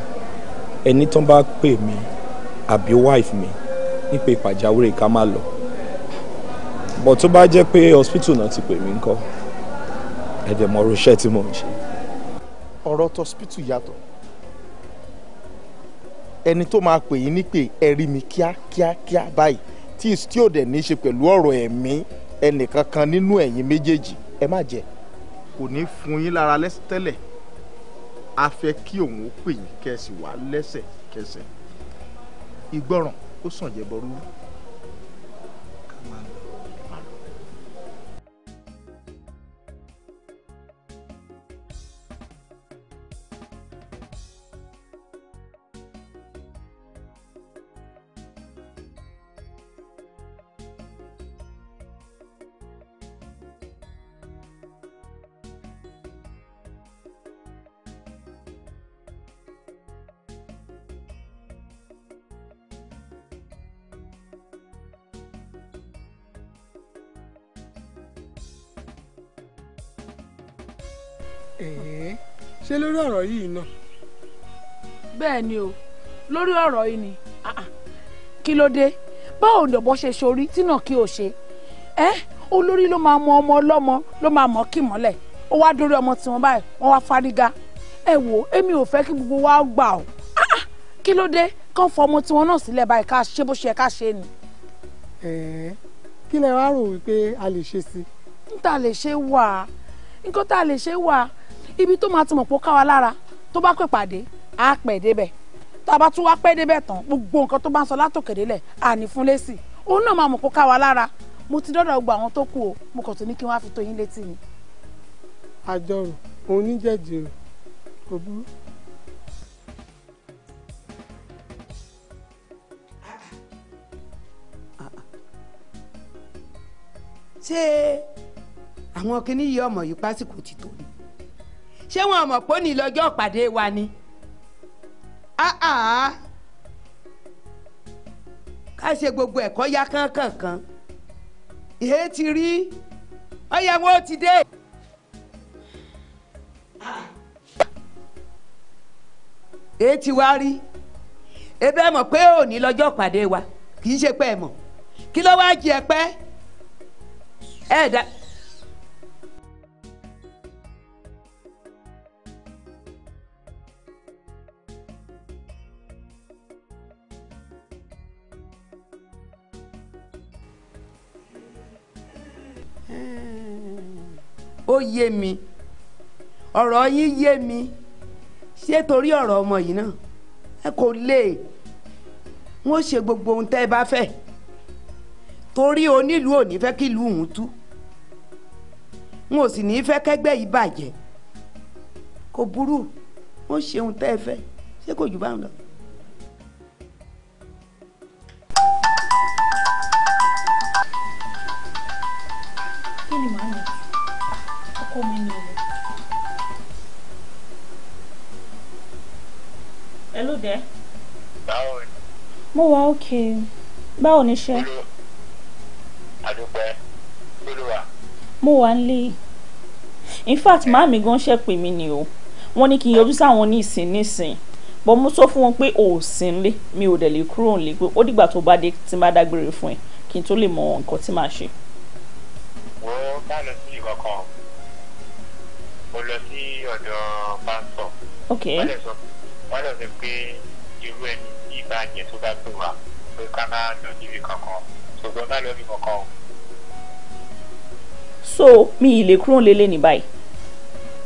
ẹni tó bá pè mí àbí wife mi nípe pàjáwìrì ká má lọ bọ̀ tó bá jẹ́ pé hospital náà ti pè mí ńkọ́ ẹ̀dẹ̀ mọ ọ̀rọ̀ tí mò ń ṣe. ọ̀rọ̀ tó hospital yàtọ̀ ẹni tó máa pè yín nípè ẹ̀rí mi kíákíákíá báyìí tí tí ò dẹ̀ ní í ṣe pẹ̀lú ọ̀rọ̀ ẹ̀mí ẹnìkankan nínú ẹ̀yin méjèèjì ẹ má jẹ́ kò ní fún yín lára lẹ́sẹ̀ tẹ́lẹ̀ a fẹ́ kí òun ó pè yín kẹ́ ẹ sì wá lẹ́sẹ̀kẹsẹ̀ ìgbọràn ó sàn jẹ́ bọ́rú. Eh, ṣé lórí ọ̀rọ̀ yìí náà. bẹ́ẹ̀ ni o lórí ọ̀rọ̀ yìí ni ah, ah. kí ló dé báwo ni ọ̀bọ ṣe ṣorí tí náà kí o ṣe ẹ eh, olórí ló máa mọ ọmọ ọlọ́mọ ló máa mọ̀ kí mọ́lẹ̀ ó wá dórí ọmọ tiwọn báyìí wọ́n wá fárígá ẹ wò èmi ò fẹ́ kí gbogbo wa gbà o ah, kí ló dé kán fọ ọmọ tiwọn náà sílẹ̀ báyìí ká ṣe bó ṣe ká ṣe ni. ẹ̀ẹ́ eh, kí lẹ wá rò wípé a lè ṣe sí. n ta lè ṣe wà nǹkan tá a lè ṣe wà ibi tó máa ti mọ̀ pé ó ká wa lára tó bá pè pàdé á pẹ̀ débẹ̀ tá a bá tún wá pẹ́ débẹ̀ tán gbogbo nǹkan tó bá ń sọ látòkèdè lẹ̀ àní fún lésì òun náà máa mọ̀ pé ó ká wa lára mo ti dọ́dọ̀ gba àwọn tó kù o mo kàn tó ní kí wọ́n á fi tó yín létí ni. àjọrò oníjẹ̀jẹ̀rò kò burú. ṣé àwọn kinní ọmọ yìí pásìkò ti tó ni ṣé wọn mọ̀ pé ó ní lọ́jọ́ ìpàdé wa ni. Ah, ah. ká ṣe gbogbo ẹ̀kọ́ ya kánkànkan ìhé ti rí ọyẹ wọn ó ti dé. èé ti wá rí ebe ẹ mọ̀ pé òní lọ́jọ́ ìpàdé wa kì í ṣe pé ẹ mọ̀ kí ló wáá jẹ pẹ́ ẹ dá. yé mi ọ̀rọ̀ yín yé mi ṣé torí ọ̀rọ̀ ọmọ yìí náà ẹ kò lè wọ́n ṣe gbogbo ohun tẹ́ ẹ bá fẹ́ torí onílùú ò ní fẹ́ kí ìlú òun tú n ò sì ní fẹ́ kẹ́gbẹ́ yìí bàjẹ́ kò burú wọ́n ṣe ohun tẹ́ ẹ fẹ́ ṣé kò jù bá lọ. okay báwo ni iṣẹ́. àdúpẹ́ gbólúwa. mo wà nílé in fact màámi gan ṣe pè mí ni o wọ́n ní kí n yọjú sáwọn nísìn nísìn bọ́n mo sọ fún wọn pé ò sí nílé mi ò dẹ̀ lè kúrò nílé pé ó dìgbà tó bá dé tí má dágbére fún ẹ kí n tó lè mọ nǹkan tí màá ṣe. wo bá lọ sí ìwọ kan mo lọ sí ọ̀dọ̀ pásítọ̀ wọ́n lè sọ pé irú ẹni tí ìbá tó bá gbé wa pé ká máa lọ níbi kankan ṣùgbọ́n má lọ so mi ì lè kúrò lélẹ̀ ní báyìí.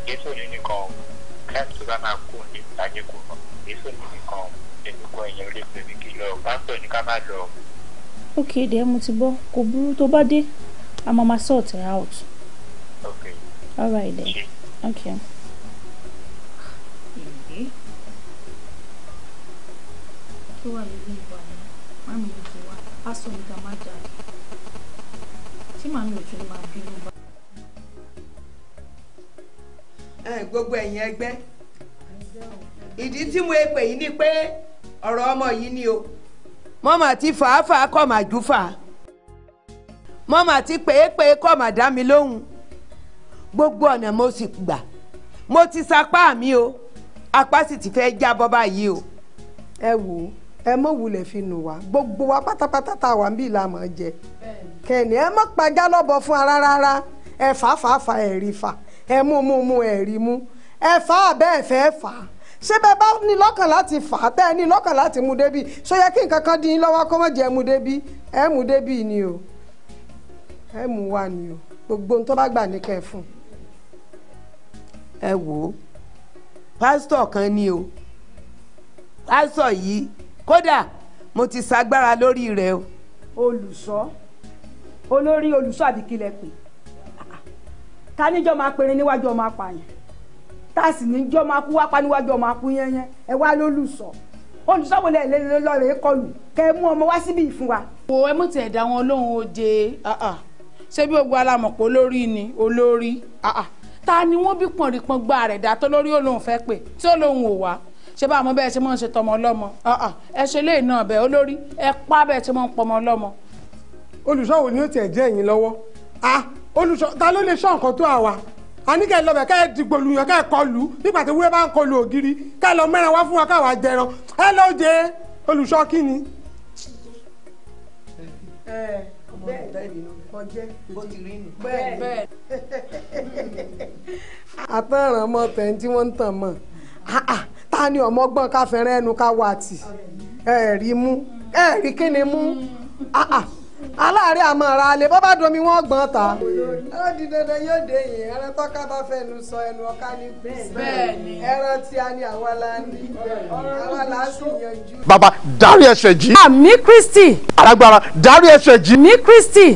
yéṣu ní nìkan o káàkiri kú ní ìdájẹ́kù náà yéṣu ní nìkan o èmi kọ ẹ̀yìn orí pèmí kí lọ bá ní ká má lọ. ok dẹ́ mo ti gbọ́ kò burú tó bá dé a máa ma sort it out. ok all right then okay mami ló ti wá á sọ mi ká má jáde tí màmí ò tún máa bínú bá. gbogbo ẹ̀yin ẹgbẹ́ ìdí tí mo pè yín ni pé ọ̀rọ̀ ọmọ yìí ni o. mọ́mà ti fàáfàá kọ̀ mà júfà mọ́mà ti pèépèé kọ̀ mà dá mi lóhùn gbogbo ọ̀nà mo sì gbà mo ti sapá mi o apá sì ti fẹ́ jábọ́ báyìí o ẹ wò ó ẹ mọ̀ wulẹ̀ fi nù wá gbogbo wa pátápátá tá a wà ń bí ìlànà jẹ kẹ́ni ẹ mọ̀ pàjá lọ́bọ̀ fún ara rárá ẹ fà fà fà ẹ rí fà ẹ mú mú mú ẹ rí mú ẹ fà bẹ́ ẹ fẹ́ fà ṣé bẹ́ẹ̀ bá ní lọ́kàn láti fà á tẹ́ ẹ ní lọ́kàn láti mú débì ṣó yẹ kí nǹkan kan dín in lọ́wọ́ kó má jẹ́ mú débì ẹ mú débì ni o ẹ mú wa ni o gbogbo ohun tó bá gbà ní kẹfún. ẹ wò pásítọ̀ kan ni o pásítọ̀ yìí kódà mo ti ṣagbára lórí rẹ o. olùṣọ́ olórí olùṣọ́ àbíkílẹ̀ pé ta níjọ́ máa perin níwájú ọmọ apààyàn ta sì níjọ́ máa kú wápá níwájú ọmọ akú yẹnyẹn ẹ wá lólùṣọ́ olùṣọ́ wo lẹ́ẹ̀lẹ́ lọ́ọ̀rẹ́ kọlù kẹ́ ẹ mú ọmọ wá síbí fún wa. wo ẹ mú tiẹ̀ dá wọn lóhùn oje ṣé bí gbogbo alamọ̀pọ̀ olórí ni olórí ta ni wọ́n bí pọ̀nrípọ̀n gba rẹ̀ dá tó lórí olóhùn fẹ́ pè tí olóhùn ò wá ṣé bá àwọn bẹ́ẹ̀ ṣe máa ń ṣe tọmọ ọlọ́mọ ẹ ṣe lè nà bẹ́ẹ̀ olórí ẹ pa bẹ́ẹ̀ ṣe máa ń pọmọ ọlọ́mọ. olùṣọ́ wo ni ó tiẹ̀ jẹ́ ẹ̀yìn lọ́wọ́ ah olùṣọ́ ta ló lè ṣọ́ nǹkan tó àwa a ní kẹ́ ẹ lọ́bẹ̀ kẹ́ ẹ dìgbò lùyàn kẹ́ ẹ kọ lù ú nígbà tí wúrẹ́ bá ń kọlu ògiri kẹ́ ẹ lọ mẹ́ran wá fún wa káwa jẹran ẹ lọ jẹ olùṣọ́ kí ni. àtàràn [LAUGHS] mọ tẹ̀ ń tí wọ́n ń tàn mọ́ ta ni ọmọgbọ́n ká fẹ́rẹ́ ẹnu ká wà tì ẹ̀rí mú ẹ̀rí kí ni mú aláàárẹ̀ àmọ́ ara alẹ́ bọ́ bá domi wọ́n gbọ́n ta. ó di dandan yóò dé yìí ẹran tọ́ka bá fẹnu sọ ẹnu ọ̀ka ní bẹ́ẹ̀ni ẹran tí a ní àwa la ní àwa la sì yanjú. bàbá dárí ẹsẹ̀ jí. àmì Kristi. alágbára dárí ẹsẹ̀ jí. àmì Kristi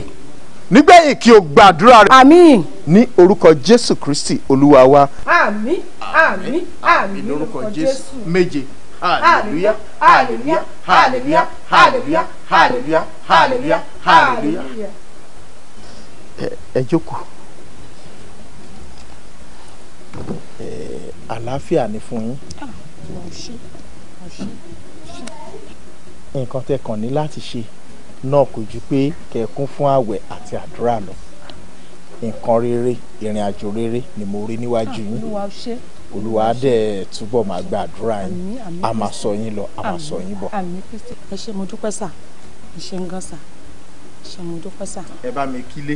nígbẹ̀yìn kí o gbàdúrà rẹ. àmín. ní orúkọ jésù kristi olúwa wa. àmín àmín àmín ní orúkọ jésù. méje hallelujah hallelujah hallelujah hallelujah hallelujah hallelujah hallelujah. ẹ jókòó àlàáfíà ni fún yín. Ah, nǹkan tẹ́ kàn ní láti ṣe náà kò ju pé kẹ̀kún fún àwẹ̀ àti àdúrà lọ nǹkan rere ìrìn àjò rere ni mo rí níwájú yín olúwa dẹ̀ túbọ̀ máa gba àdúrà yín a máa sọ yín lọ a máa sọ yín bọ̀. ẹ ṣé mo dúpẹ́ sà ẹ ṣé ń gan sà ṣe mo dúpẹ́ sà. ẹ bá mi kílé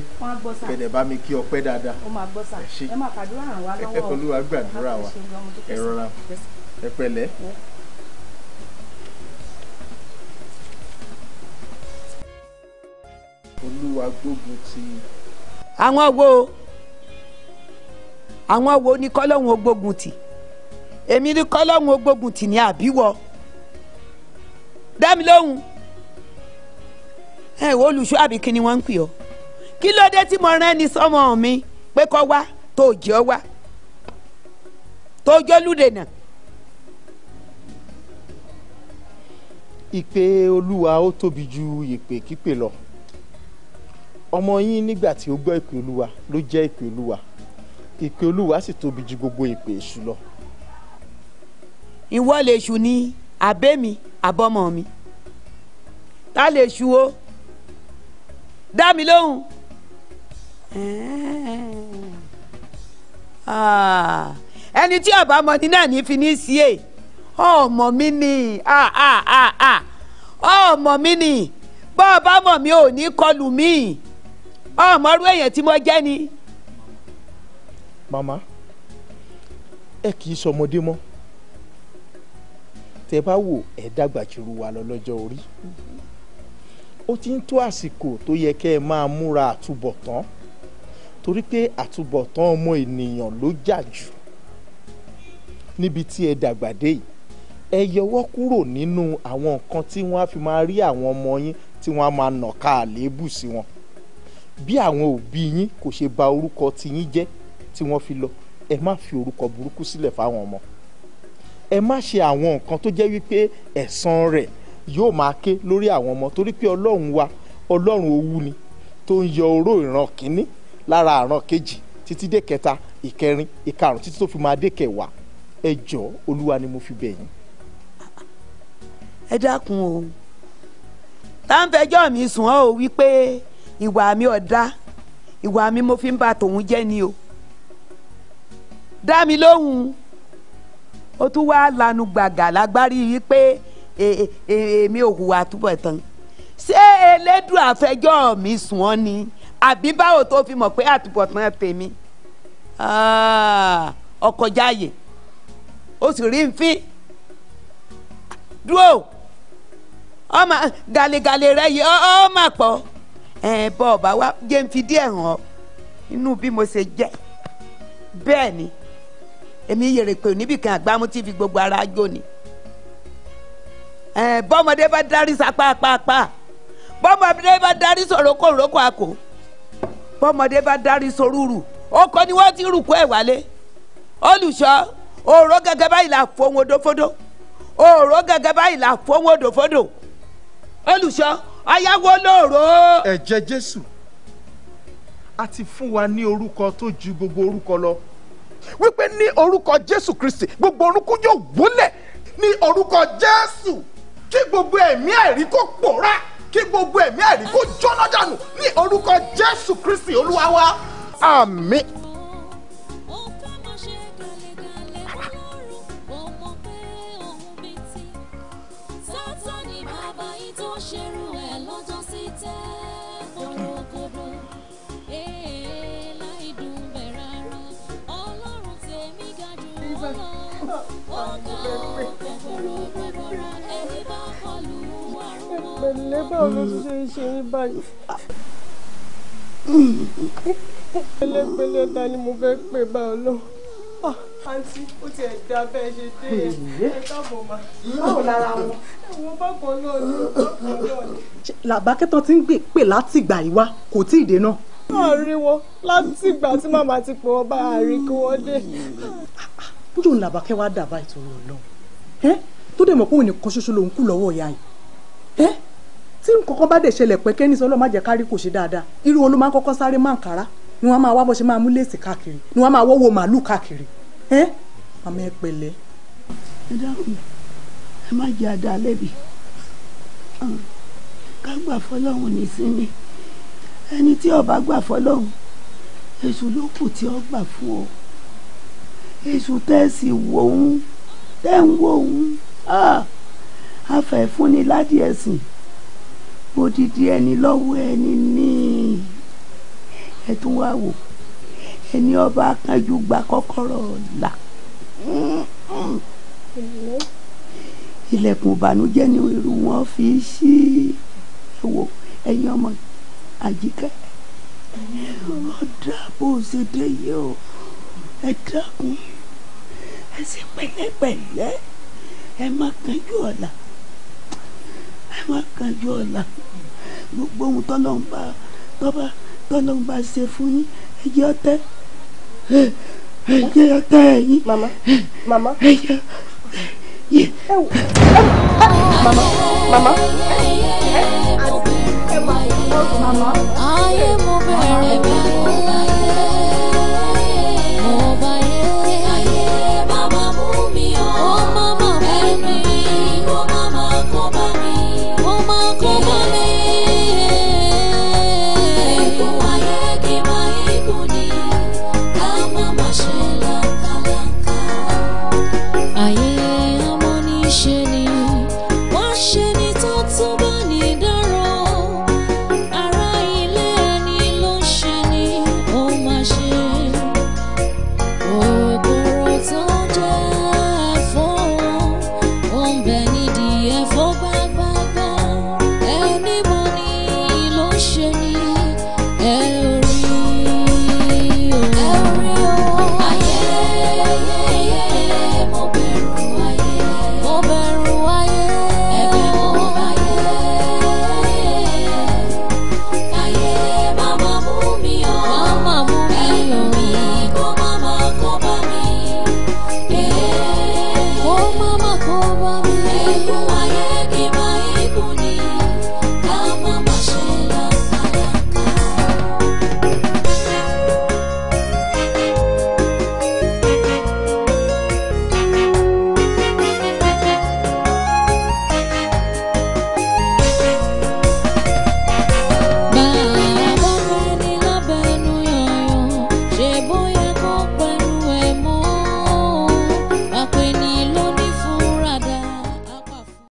kẹ̀dẹ̀ bá mi kí ọpẹ́ dáadáa. ó máa gbọ́ ẹ máa fàdúrà wá lọ́wọ́. [LAUGHS] olúwa gbàdúrà wa ẹ rọra ẹ pẹ̀lẹ́. olúwa gbógun ti. àwọn wo àwọn wo ni kọ́lọ́hún ó gbógun tì èmi ni kọ́lọ́hún ó gbógun ní àbíwọ dá lóhùn ẹ wo olùṣọ́ àbí ni wọ́n ń pè ọ́ kí ló dé tí mo rán ẹni sọ́mọ mi pé kó wá tó jẹ́ ọ wá tó jólúdènà. ìpè olúwa ó tóbi ju ìpèkípè lọ ọmọ yín nígbà tí ó gbọ́ ìpè olúwa ló jẹ́ ìpè olúwa ìpè olúwa sì tóbi ju gbogbo ìpè èṣù lọ. ìwọ lè ṣù ní abẹ́mi abọ́mọ mi ta lè ṣù o dá mi lóhùn. Ah, ẹni tí ọba ọmọdé náà ní fi ní sí è e. ọmọ mi ni ah, ah, ọmọ mi ni bọ́ọ̀ bá mọ̀ mi ò ní kọlù mí ọmọrú èèyàn tí mo jẹ́ ni. màmá ẹ kì í sọmọdé mọ́ tẹ bá wò ẹ dàgbà jùrù wa lọ lọ́jọ́ orí ó ti ń tó àsìkò tó yẹ kẹ́ ẹ máa múra àtúbọ̀tán torí pé àtúbọ̀tán ọmọ ènìyàn ló jà jù níbi tí ẹ dàgbà dé yìí ẹ yọwọ́ kúrò nínú àwọn nǹkan tí wọ́n á fi máa rí àwọn ọmọ yín tí wọ́n á máa nàka àléébù sí wọn bí àwọn òbí yín kò ṣe ba orúkọ tiyín jẹ́ tí wọ́n fi lọ ẹ má fi orúkọ burúkú sílẹ̀ fáwọn ọmọ ẹ má ṣe àwọn nǹkan tó jẹ́ wípé ẹ̀san rẹ̀ yóò máa ké lórí àwọn ọmọ torí pé ọlọ́run wa ọlọ́run owú ni tó ń yọ oró ìran kínní lára àran kejì títí dé kẹta ìkẹrin ìkarùn títí tó fi máa dé kẹwàá ẹ jọ̀ọ́ olúwa ni mo fi bẹ̀ ẹ dákun o tá mi sùn ọ́ wípé ìwà mi ọ̀dá ìwà mi mo fi ń ba tòun jẹ́ ni o dá mi lóhùn ó tún wá lanu gbàgà lágbárí wípé èmi ò hùwà túbọ̀ tán ṣé elédùn àfẹjọ́ mi sùn ọ́ ni àbí báwo tó fi mọ̀ pé àtúbọ̀tán tèmi ah, ọkọ̀ jáàyè ó sì rí nfín dúró ọmọ gàlégàlé rẹ yìí ọ pọ̀ ẹ bọ́ ọba wa jẹ́ ń fi díẹ̀ hàn ọ́ inú bí mo ṣe jẹ́ bẹ́ẹ̀ ni èmi yèrè pé níbìkan àgbámú tí fi gbogbo ara jó ni ẹ bọ́mọdé bá darí sapáapáapá bọ́mọdé bá darí sòrókòrókò àkó bọ́mọdé bá darí sorúrù ọkọ ni wọ́n ti rùkú ẹ̀ wálé olùṣọ́ òòró gẹ́gẹ́ báyìí là fóun odòfodò òòró gẹ́gẹ́ báyìí là fóun odòfodò olùṣọ́ ayáwó lóòró. ẹ̀jẹ̀ jésù a ti fún wa ní orúkọ tó ju gbogbo orúkọ lọ wípé ní orúkọ jésù kristi gbogbo orúkọ yóò wólẹ̀ ní orúkọ jésù kí gbogbo ẹ̀mí àìrí kó pòórá kí gbogbo ẹ̀mí àìrí kó jóná dànù ní orúkọ jésù kristi olúwa wa àmín. ṣerú ẹ. pẹ̀lẹ́ báwo ló ti ṣe ń ṣe yín báyìí. pẹ̀lẹ́pẹ̀lẹ́ ọ̀tá ni mo fẹ́ pè báwo lọ. Ah, àǹtí ó ti ẹ̀ dá bẹ́ẹ̀ ṣe dé ẹ̀ ẹ̀ káàbọ̀ mà. báwo lára wọn. ẹ̀wọ̀n bákan náà ni bákan náà ni. làbákẹ́ tán ti ń pè láti ìgbà yìí wá kò tí ì dé náà. àríwọ láti ìgbà tí màmá ti pè wọ́n àárín kí wọ́n dé. yóò làbákẹ́ wá dàbá ìtòrò ọlọ́run tó dẹ̀ mọ̀ pé òun nìkan ṣoṣo lòun kù lọ́wọ́ ìyá yìí tí nǹkankan bá dẹ̀ ṣẹlẹ̀ pé kẹ́ni sọ́lọ́ má jẹ́ kárí kò ṣe dáadáa irú wọn ló máa kọ́kọ́ sáré máa ń kára ni wọ́n máa wá bọ́ ṣe máa mú léèsì káàkiri ni wọ́n máa wọ́wọ́ màálù káàkiri ẹ́ àmọ́ ẹ pẹ̀lẹ́. ẹ dákun ẹ má jẹ́ àdá lẹ́bi ká gbà fọlọ́hún ní sinmi ẹni tí ó bá gbà fọlọ́hún èṣù ló kù tí ó gbà fún ọ èṣù tẹ́sí wò ó tẹ́ ń wò ó àfẹ́ ah, fúnni ládìí ẹ̀sìn odidi ẹni lọ́wọ́ ẹni ní ẹ tún wá wò ẹni ọba kanjú gba kọ́kọ́rọ́ là ilẹ̀kùn ìbànújẹ́ ni irú wọn fi ṣí ẹ wò ẹ̀yin ọmọ àjíkẹ́ ọ̀dà bó ṣe dé yìí o ẹ dákun ẹ ṣe pẹ̀lẹ́pẹ̀lẹ́ ẹ má kanjú ọ̀la ẹ má kánjú ọ̀la gbogbo ohun tọ́lọ́mbà tọ́ba tọ́lọ́mbà ṣe fún yín ẹ jẹ́ ọtẹ́ ẹ jẹ́ mama mama ẹ jẹ́ mama mama ayé mo bẹ̀rẹ̀ bẹ̀rẹ̀.